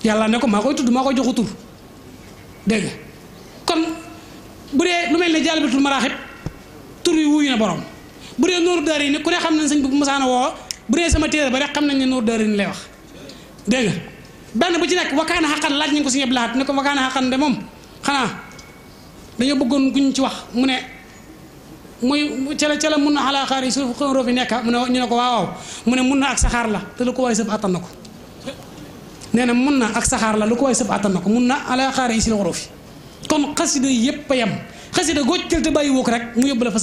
yàlla ne ko maa koy tudd maa koy joxu dégg kon bude lu melni jalbatul marahib turu tur wuyu na borom bude nur darin ku ne xam nañ bu musaana woo bu sama tere ba rek xam nañ ne nuuru lay wax dégg ben bu ci nek wakaana haqan laj ñu ko si ñëpp ne ko wakaana haqan de mom xana dañu bëggoon guñ ci wax mu ne muy ca la la mun na xalaa xaar fi nekk mu ne ñu ne ko waaw mu ne mun ak saxar la te lu ko way atanako nee na na ak saxaar la lu ko na ko ala xaar yi si kon qasida yep a qasida xasida te bayi woo rek mu yóbbu la fa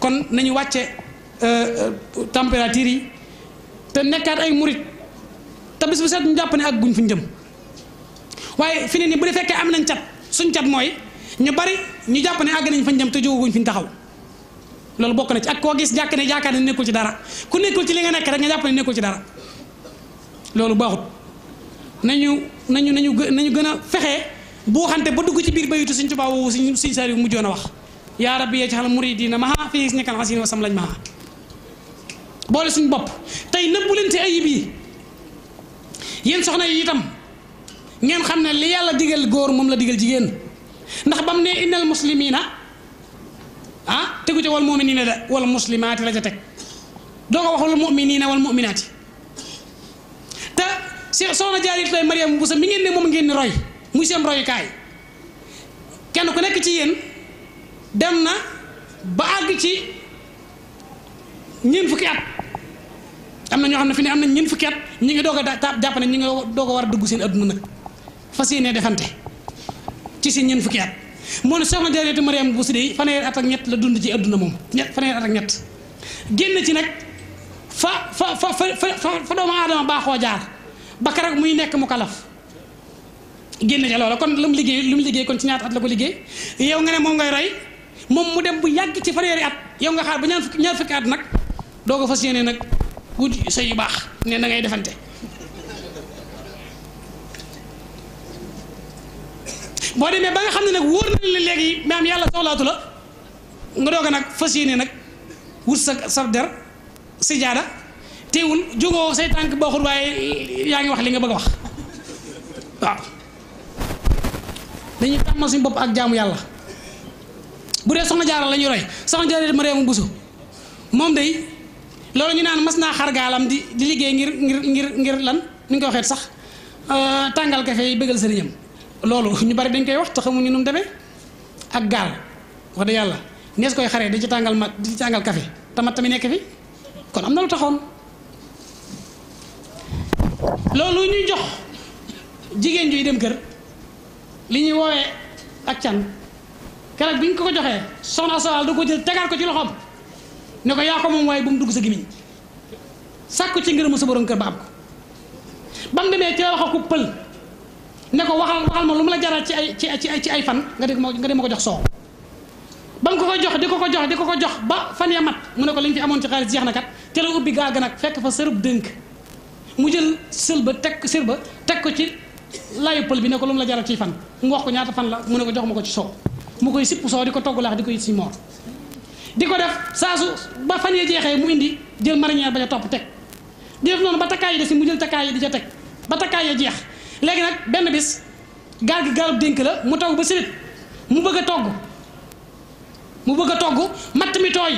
kon nañu euh, euh température te nekkat ay mourid te bis bu set ñu japp ne ak guñ fu ñu waye fini ni bu dee fekke am nañ chat suñ chat moy ñu bari ñu japp ne ag nañ fañ jëm te jóguñ fi taxaw lolu bokk na ci ak ko gis jàkk ne ne nekkul ci dara ku nekkul ci li nga nek rek nga japp ne nekkul ci dara loolu baaxut nañu nañu nañu nañu gën a fexe boo xante ba dugg ci biir bayitu Sëñ Tuubaa woowu Sëñ Sëñ Saaliw mujjoon a wax yaa rabbi yee ci xal muridina maha fii nekkal xasin wasam lañ maha boole suñ bopp tey nëbbu leen ci ayib yi yéen soxna yi itam ngeen xam ne li yàlla digal góor moom la digal jigéen ndax bam ne innal muslimina ah tegu ca wal muminina de wal muslimaati la ca teg doo ko waxul muminina wal muminaati cheikh soxna tay mariam busa mi ngeen ne mom ngeen roy muy seen kay kenn ku nek ci yeen dem na ba ag ci ñeen fukki at amna ño xamne fi ne amna ñeen fukki at ñi nga doga a japp jàpp ne ñi nga doga a a dugg seen aduna nak fasiyene defante ci seen ñeen fukki at moo ne soxna jaaritullahi mariam busa de fanweeri at ak ñet la dund ci aduna mom ñet fanweeri at ak ñet genn ci nak fa fa fa fa fa ma adam baaxoo jaar bakar ak muy nek mu kalaf génn ca loola kon lum liggey lum liggey kon ci ñaat at la ko liggey yow nga ne moom ngay ray mom mu dem bu yagg ci fanweeri at yow nga xaar bu ñaan ñaar fukki at nak doo ko fas yéene nag wut yu bax ne da ngay defante bo demé ba nga xam nak woor na la léegi am yalla soxlaatu la nga doog a nag fas yéene nag wut sa der si teewul jógoo say tank baaxul waaye yaa ngi wax li nga bëgg wax waaw dañuy tam suñu bop ak jaamu yalla bu dee soxna jaara lañu roy soxna jaara ma réew busu mom day lolu ñu naan masna naa xargaalam di di liggéey ngir ngir ngir ngir lan nu ñu koy waxee sax euh, tangal kafe yi bëggal sëriñam lolu ñu bari dañ koy wax ta xamu ñu num démé ak gal wax dëgg yalla nees koy xaré di ci tangal ma di ci tàngal kafe tamat tamé nek fi kon amna lu taxone loolu ñu jox jigen juy dem kër li ñi woowee ak can keroog biñ ko ko joxee soxna asawal du ko jël tegaat ko ci loxom ne ko yaa ko moom waaye bu mu dugg sa gimiñ sàkku ci ngërëmu sa borom kër ba am ko ba mu demee ci la wax ko pël ne ko waxal waxal ma lu mu la jaral ci ay ci ci ay fan nga dégg ma nga dem ma ko jox soow ba ko ko jox di ko ko jox di ko ko jox ba fan ya mat mu ne ko liñ fi amoon ci xaalis jeex na kat te la ubbi gaa nag fekk fa sërëb dënk mu jël sël ba teg sël ba teg ko ci layu pël bi ne ko lu mu la jaral ci fan mu wax ko ñaata fan la mu ne ko jox ma ko ci soow mu koy sipp soow di ko togg laax di yit si moor di ko def saasu su ba fan yee ya jeexee mu indi jël marinière ba ca topp teg di def noonu ba takkaay yi mu jël takkaay yi di ca teg ba takkaay ya jeex léegi nag benn bis gaal gi gaalub dénk la mu togg ba sirit mu bëgg a togg mu bëgg a togg matt mi tooy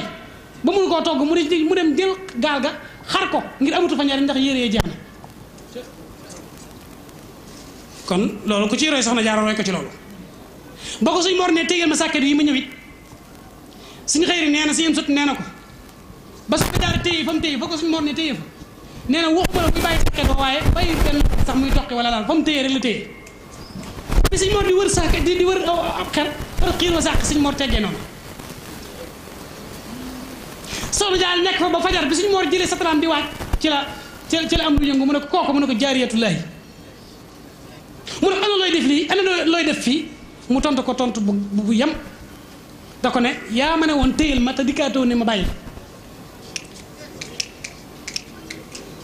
ba mu ko togg mu mu dem jël gaal ga xar ko ngir amatu fa njariñ ndax yéree jeex na kon loolu ku ciy roy soxna jaara roy ko ci loolu boo ko suñ mor ne tégal ma sàkket yi ma ñëw it suñ nee na si yéen sot nee na ko ba soxna jaara téye fa mu téye boo ko suñ mor ne téye fa nee na waxuma la sax muy toqi wala laal fa mu téye la téye suñ mor di wër sàkket di wër ab xer par xiir wa suñ mor teggee noonu soxna jaara nek fa ba fajar bi suñu moor jëlee satalaam di waaj ci la ci la am lu yëngu mu ne ko kooku mu ne ko jaariyatullahi mu ne ana looy def li ana looy def fi mu tontu ko tontu bu bu yem da ko ne ya mané won teyel téyel ma te dikkaatoo ne ma bàyyi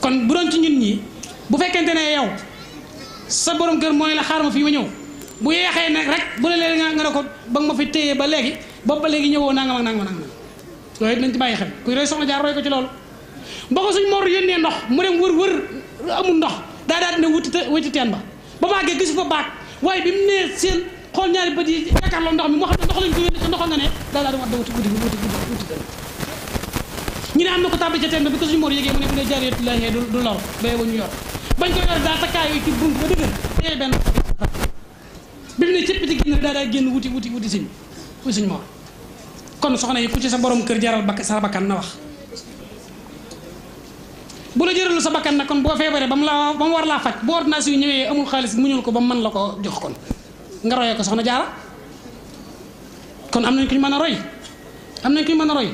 kon bu don ci ñun ñi bu fekkente ne yow sa borom kër moy la xaar ma fii ma ñew bu yexé nak rek bu la leen nga nga ko ba nga ma fi teyé ba légui ba ba légui ñewoo nangam nangam nangam loolu it nañ ci bàyyi xel kuy roy soxna jaar roy ko ci loolu ba ko suñ mor yónnee ndox mu dem wër wër amul ndox daa daa dina wuti wuti teen ba ba maagee gisu fa baag waaye bi mu nee seen xool ñaari bët yi jàkkaarloo ndox mi moo xam ne ndox lañ ko yónnee te ndox nga ne daa daa dama da wuti wuti wuti wuti teen ñu ne ba bi ko suñ mor yégee mu ne mu ne jaariyatullaahi bañ ko yor daa takkaayu ci bunt ba dëgër tey benn bi mu ne cëpp ci génn daa daa génn wuti wuti wuti suñ wuti kon soxna yi ku ci sa boroom kër jaral bakk sa bakkan na wax bu la jëralu sa bakkan nag kon boo feebaree ba mu la ba mu war laa faj bu ordonnance yu ñëwee amul xaalis muñul ko ba mu mën la ko jox kon nga royee ko soxna jaara kon am nañ ku ñu mën a roy am nañ ku ñu mën a roy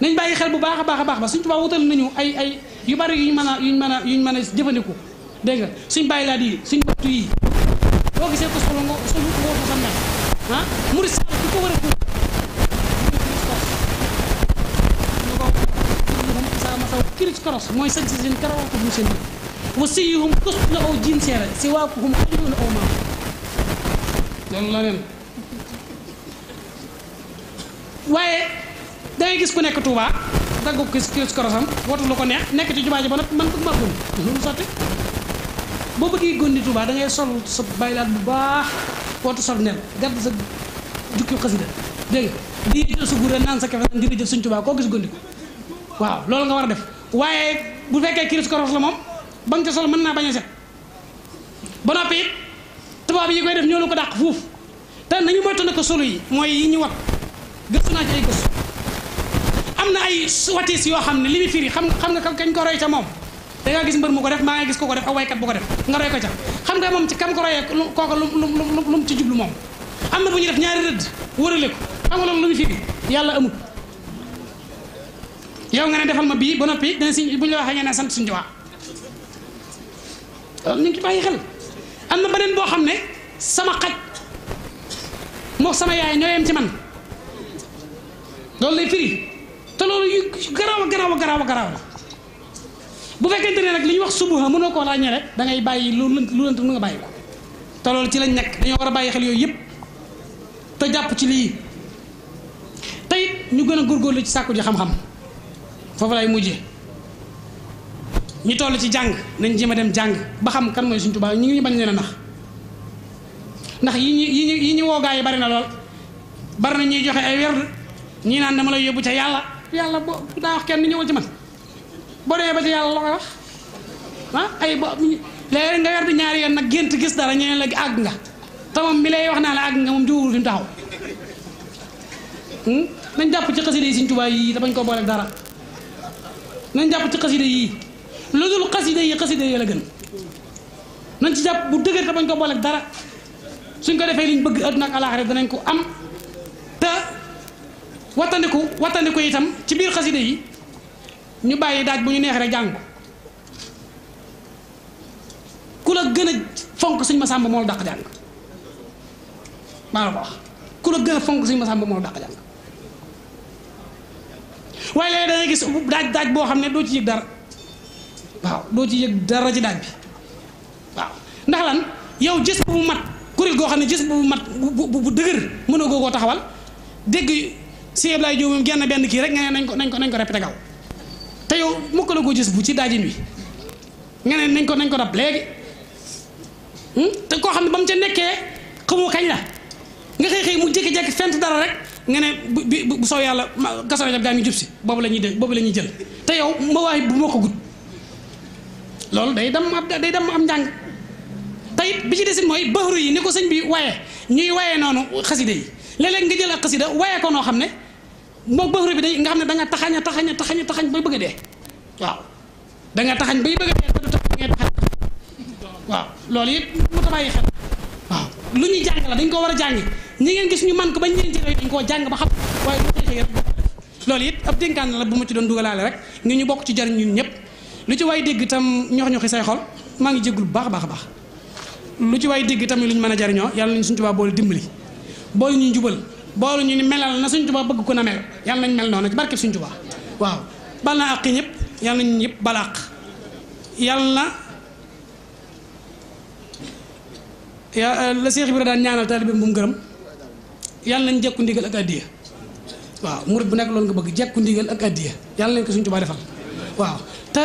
nañ bàyyi xel bu baax a baax a baax ba suñ tubaab wutal nañu ay ay yu bari yuñ mën a yuñ mën a yuñ mën a jëfandiku dégg nga suñ bàyyi laa di suñ bottu yi boo gisee ko solo nga solo nga sa mel ah, kaw kirij koros mooy sañ si seen karaw ko bu seen si waa ko hum xajuun aw maam waaye dangay gis ku nekk Touba daggu kis kirij korosam wootu lu ko neex nekk ci jumaa ji ba nag man bëgg maa góndi loolu sotti boo bëggee góndi Touba dangay sol sa baylaat bu baax wootu sol nen gàdd sa jukki xasida dégg nga di jël sa guuree naan sa kafe naan jërëjëf Sëñ Tuubaa koo gis góndi ko waaw loolu nga war a def waaye bu fekkee kiris koros la moom ba nga ca sol mën naa bañ a set ba noppi it tubaab yi koy def ñoo ko dàq fuuf te nañu moytu ko solu yi mooy yi ñu wat gëstu naa ci ay gëstu am na ay watis yoo xam ne li muy firi xam xam nga kañ ko roy ca moom da nga gis mbër mu ko def maa nga gis ko ko def ak waykat bu ko def nga roy ko ca xam nga moom ci kam ko royee kooka lu lu lu mu ci jublu moom am na bu ñu def ñaari rëdd wërale ko xam nga loolu lu muy firi yàlla amul yow nga ne defal ma bi ba nopi dañ si buñ la waxee nga ne sant suñu wa am ñu ki bàyyi xel am na beneen boo ne sama xaj mo sama yaay ñoyem ci man loolu firi te lolu yu graw graw graw graw bu fekkante ne nag li wax subuha mënoo koo laa ñere da ngay bàyyi lu lu lu nga bàyyi ko te lolu ci lañ nek dañu wara a xel yoy yep te japp ci li te ñu gëna gorgol ci sakku ji xam-xam fofu lay mujjé ñi tollu ci jang nañ jima dem jang ba xam kan mooy suñ ñi ñu bañ leena nax nax yi ñi yi ñi wo gaay bari na lool bar na ñi joxe ay werd ñi naan dama lay yóbbu ci yalla yalla bo da wax kenn ñewul ci man bo demee ba ci yalla la wax ha ah, ay bo leer nga bi ñaari yoon nak gënt gis dara ñeen la ag nga tamam mi lay wax na la ag nga mum jiwul fi taxaw hmm nañ japp ci xasida yi suñ yi te bañ ko bolé dara nañ jàpp ci xasida yii lu dul xasida yi xasida yi la gën nañ ci jàpp bu dëgër te bañ ko booleeg dara suñ ko defee liñ bëgg àdduna ak alaaxira danañ ko am te wattandiku wattandiku itam ci biir xasida yi ñu bàyyi daaj bu ñu neex rek jàng ku la gën a fonk suñ ma sàmb moo la dàq jàng maa ko ku la gën a fonk suñ ma sàmb moo la dàq jàng waaye léeg-léeg da ngay gis daaj daaj boo xam ne doo ci yëg dara waaw doo ci yëg dara ci daaj bi waaw ndax lan yow gis bu mat kuréel goo xam ne gis bu mat bu bu mën mënoo koo taxawal dégg sëñ Ablaye Diop genn benn kii rek nga nañ ko nañ ko nañ ko répété gaaw te yow mukkaloo koo gis bu ci daajin wi nañ ko nañ ko rab léegi hmm? koo xam ne ba mu ca nekkee xamoo kañ la nga xëy xëy mu jékki-jékki fent dara rek. nga ne bu bu soo yàlla kaso rajab gaa ngi jub si boobu la de boobu la jël te yow way bu moko gut lol day dam ab day dam am jang tay bi ci dessine moy bahru yi ni ko sëñ bi waye ñuy waye nonu khasside yi léeg-léeg nga jël ak xasida waye ko no xamne mo bahru bi day nga xamne da nga taxañ a taxañ a bay bëgg a waaw da nga taxañ bay bëgg a dee te du tax ngay taxañ waaw lol yi mu ta bàyyi xel waaw luñu jang la dañ ko wara jangi ñi ngeen gis ñu man ko ba ñeen ci jëlee ko jang ba xam way lu tey yëpp loolu it ab denkan la bu ma ci doon dugalale rek ngi ñu bok ci jar ñun ñep lu ci way dégg tam ñox-ñoxi say xol ma ngi jéggul baax baax baax lu ci way dégg tam luñu mëna mën a jariñoo yàlla nañ suñ tubaab dimbali boole ñu jubal boole ñu ni melal na suñu tuba bëgg ko na mel yalla nañ mel noonu ci barkeb suñu tuba waaw bal na àq ñëpp yàlla nañ ñëpp balaaq yàlla ya la cheikh ibrahim daan ñaanal taalibe bu mu gërëm yalla nañ jekku ndigal ak adiya waaw murid bu nek loolu nga bëgg jekku ndigal ak adiya yalla nañ ko suñu tuba defal waaw ta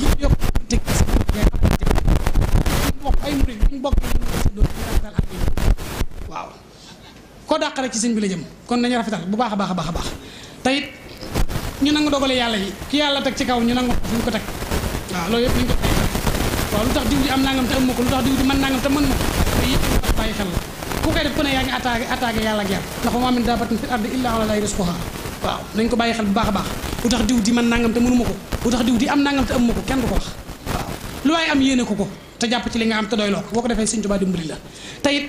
ñu yok teg bokk ay murid ñu bokk waaw ko dàq rek ci sëñ bi la jëm kon nañu rafetal bu baax a baax baax a baax te ñu nang dogale yalla yi ki yalla tek ci kaw ñu nang ko ñu ko tek waaw loolu yëpp ñu ko tek waaw lu tax diw di am nangam te am ma ko lu tax diw di man nangam te man ma ko ñu yëpp xel ku koy def yang ne yaa ngi attaqué attaqué yàlla ak yàlla ndax ma amin dabatin fil ardi illa ala lahi rizquha waaw nañ ko bàyyi xel bu baax a baax lu tax diw di man nangam te mënuma ko tax diw di am nangam te amuma ko kenn du ko wax waaw lu am yéene ko ko te jàpp ci li nga am te doy coba ko boo ko defee Sëñ Tuubaa dimbali la te it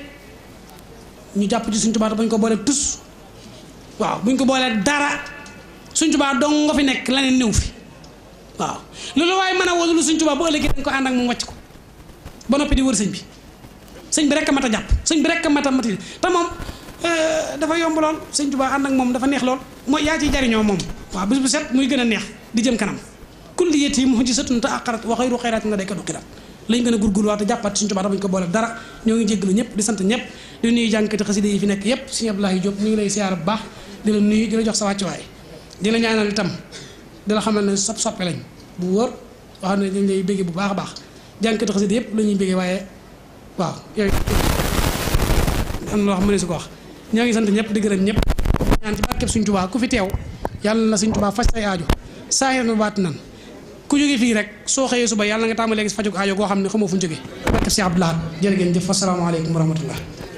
ñu jàpp ci Sëñ Tuubaa te bañ ko boolee tus waaw buñ ko boolee dara Sëñ Tuubaa dong nga fi nekk leneen néew fi waaw loolu waaye mën a wóolu Sëñ Tuubaa bu ëllëgee dañ ko ànd ak wàcc ko ba noppi di wër sëñ bi seigne bi rek mata japp seigne bi rek mata mati mati mom euh dafa yomb lol seigne Tuubaa and ak mom dafa neex lol mooy ya ci jariño mom wa bis bu set muy gëna neex di jëm kanam kulliyat yi mu'jizatun te àqarat wa xayru xayraat nga day ko duqirat lañ gën a gurgurwaat te jàppaat dafa ko bolal dara ñoo ngi jéggul ñëpp di sant ñëpp di nuyu jànkati xasside yi fi nek yëpp seigne abdallah Diop ñu ngi lay siyar bu baax di la nuyu di la jox sa way di la ñaanal tam di la xamal ne sop sopé lañ bu wor wax ne dañ lay bégge bu baax baax jànkati xasside yëpp lañuy ñuy waye waaw yooyu am na loo xam ne su ko wax ñoo ngi sant ñëpp di gërëm ñëpp ñaan ci barkeb suñ tubaa ku fi teew yàlla na suñ tubaa faj say aajo saahir na baat nan ku jógee fii rek soo xëyee suba yàlla nga tàmbalee gis fajug aajo goo xam ne xamoo fu ñu jógee barkeb si Abdou jërë ngeen jëf asalaamaaleykum wa rahmatullah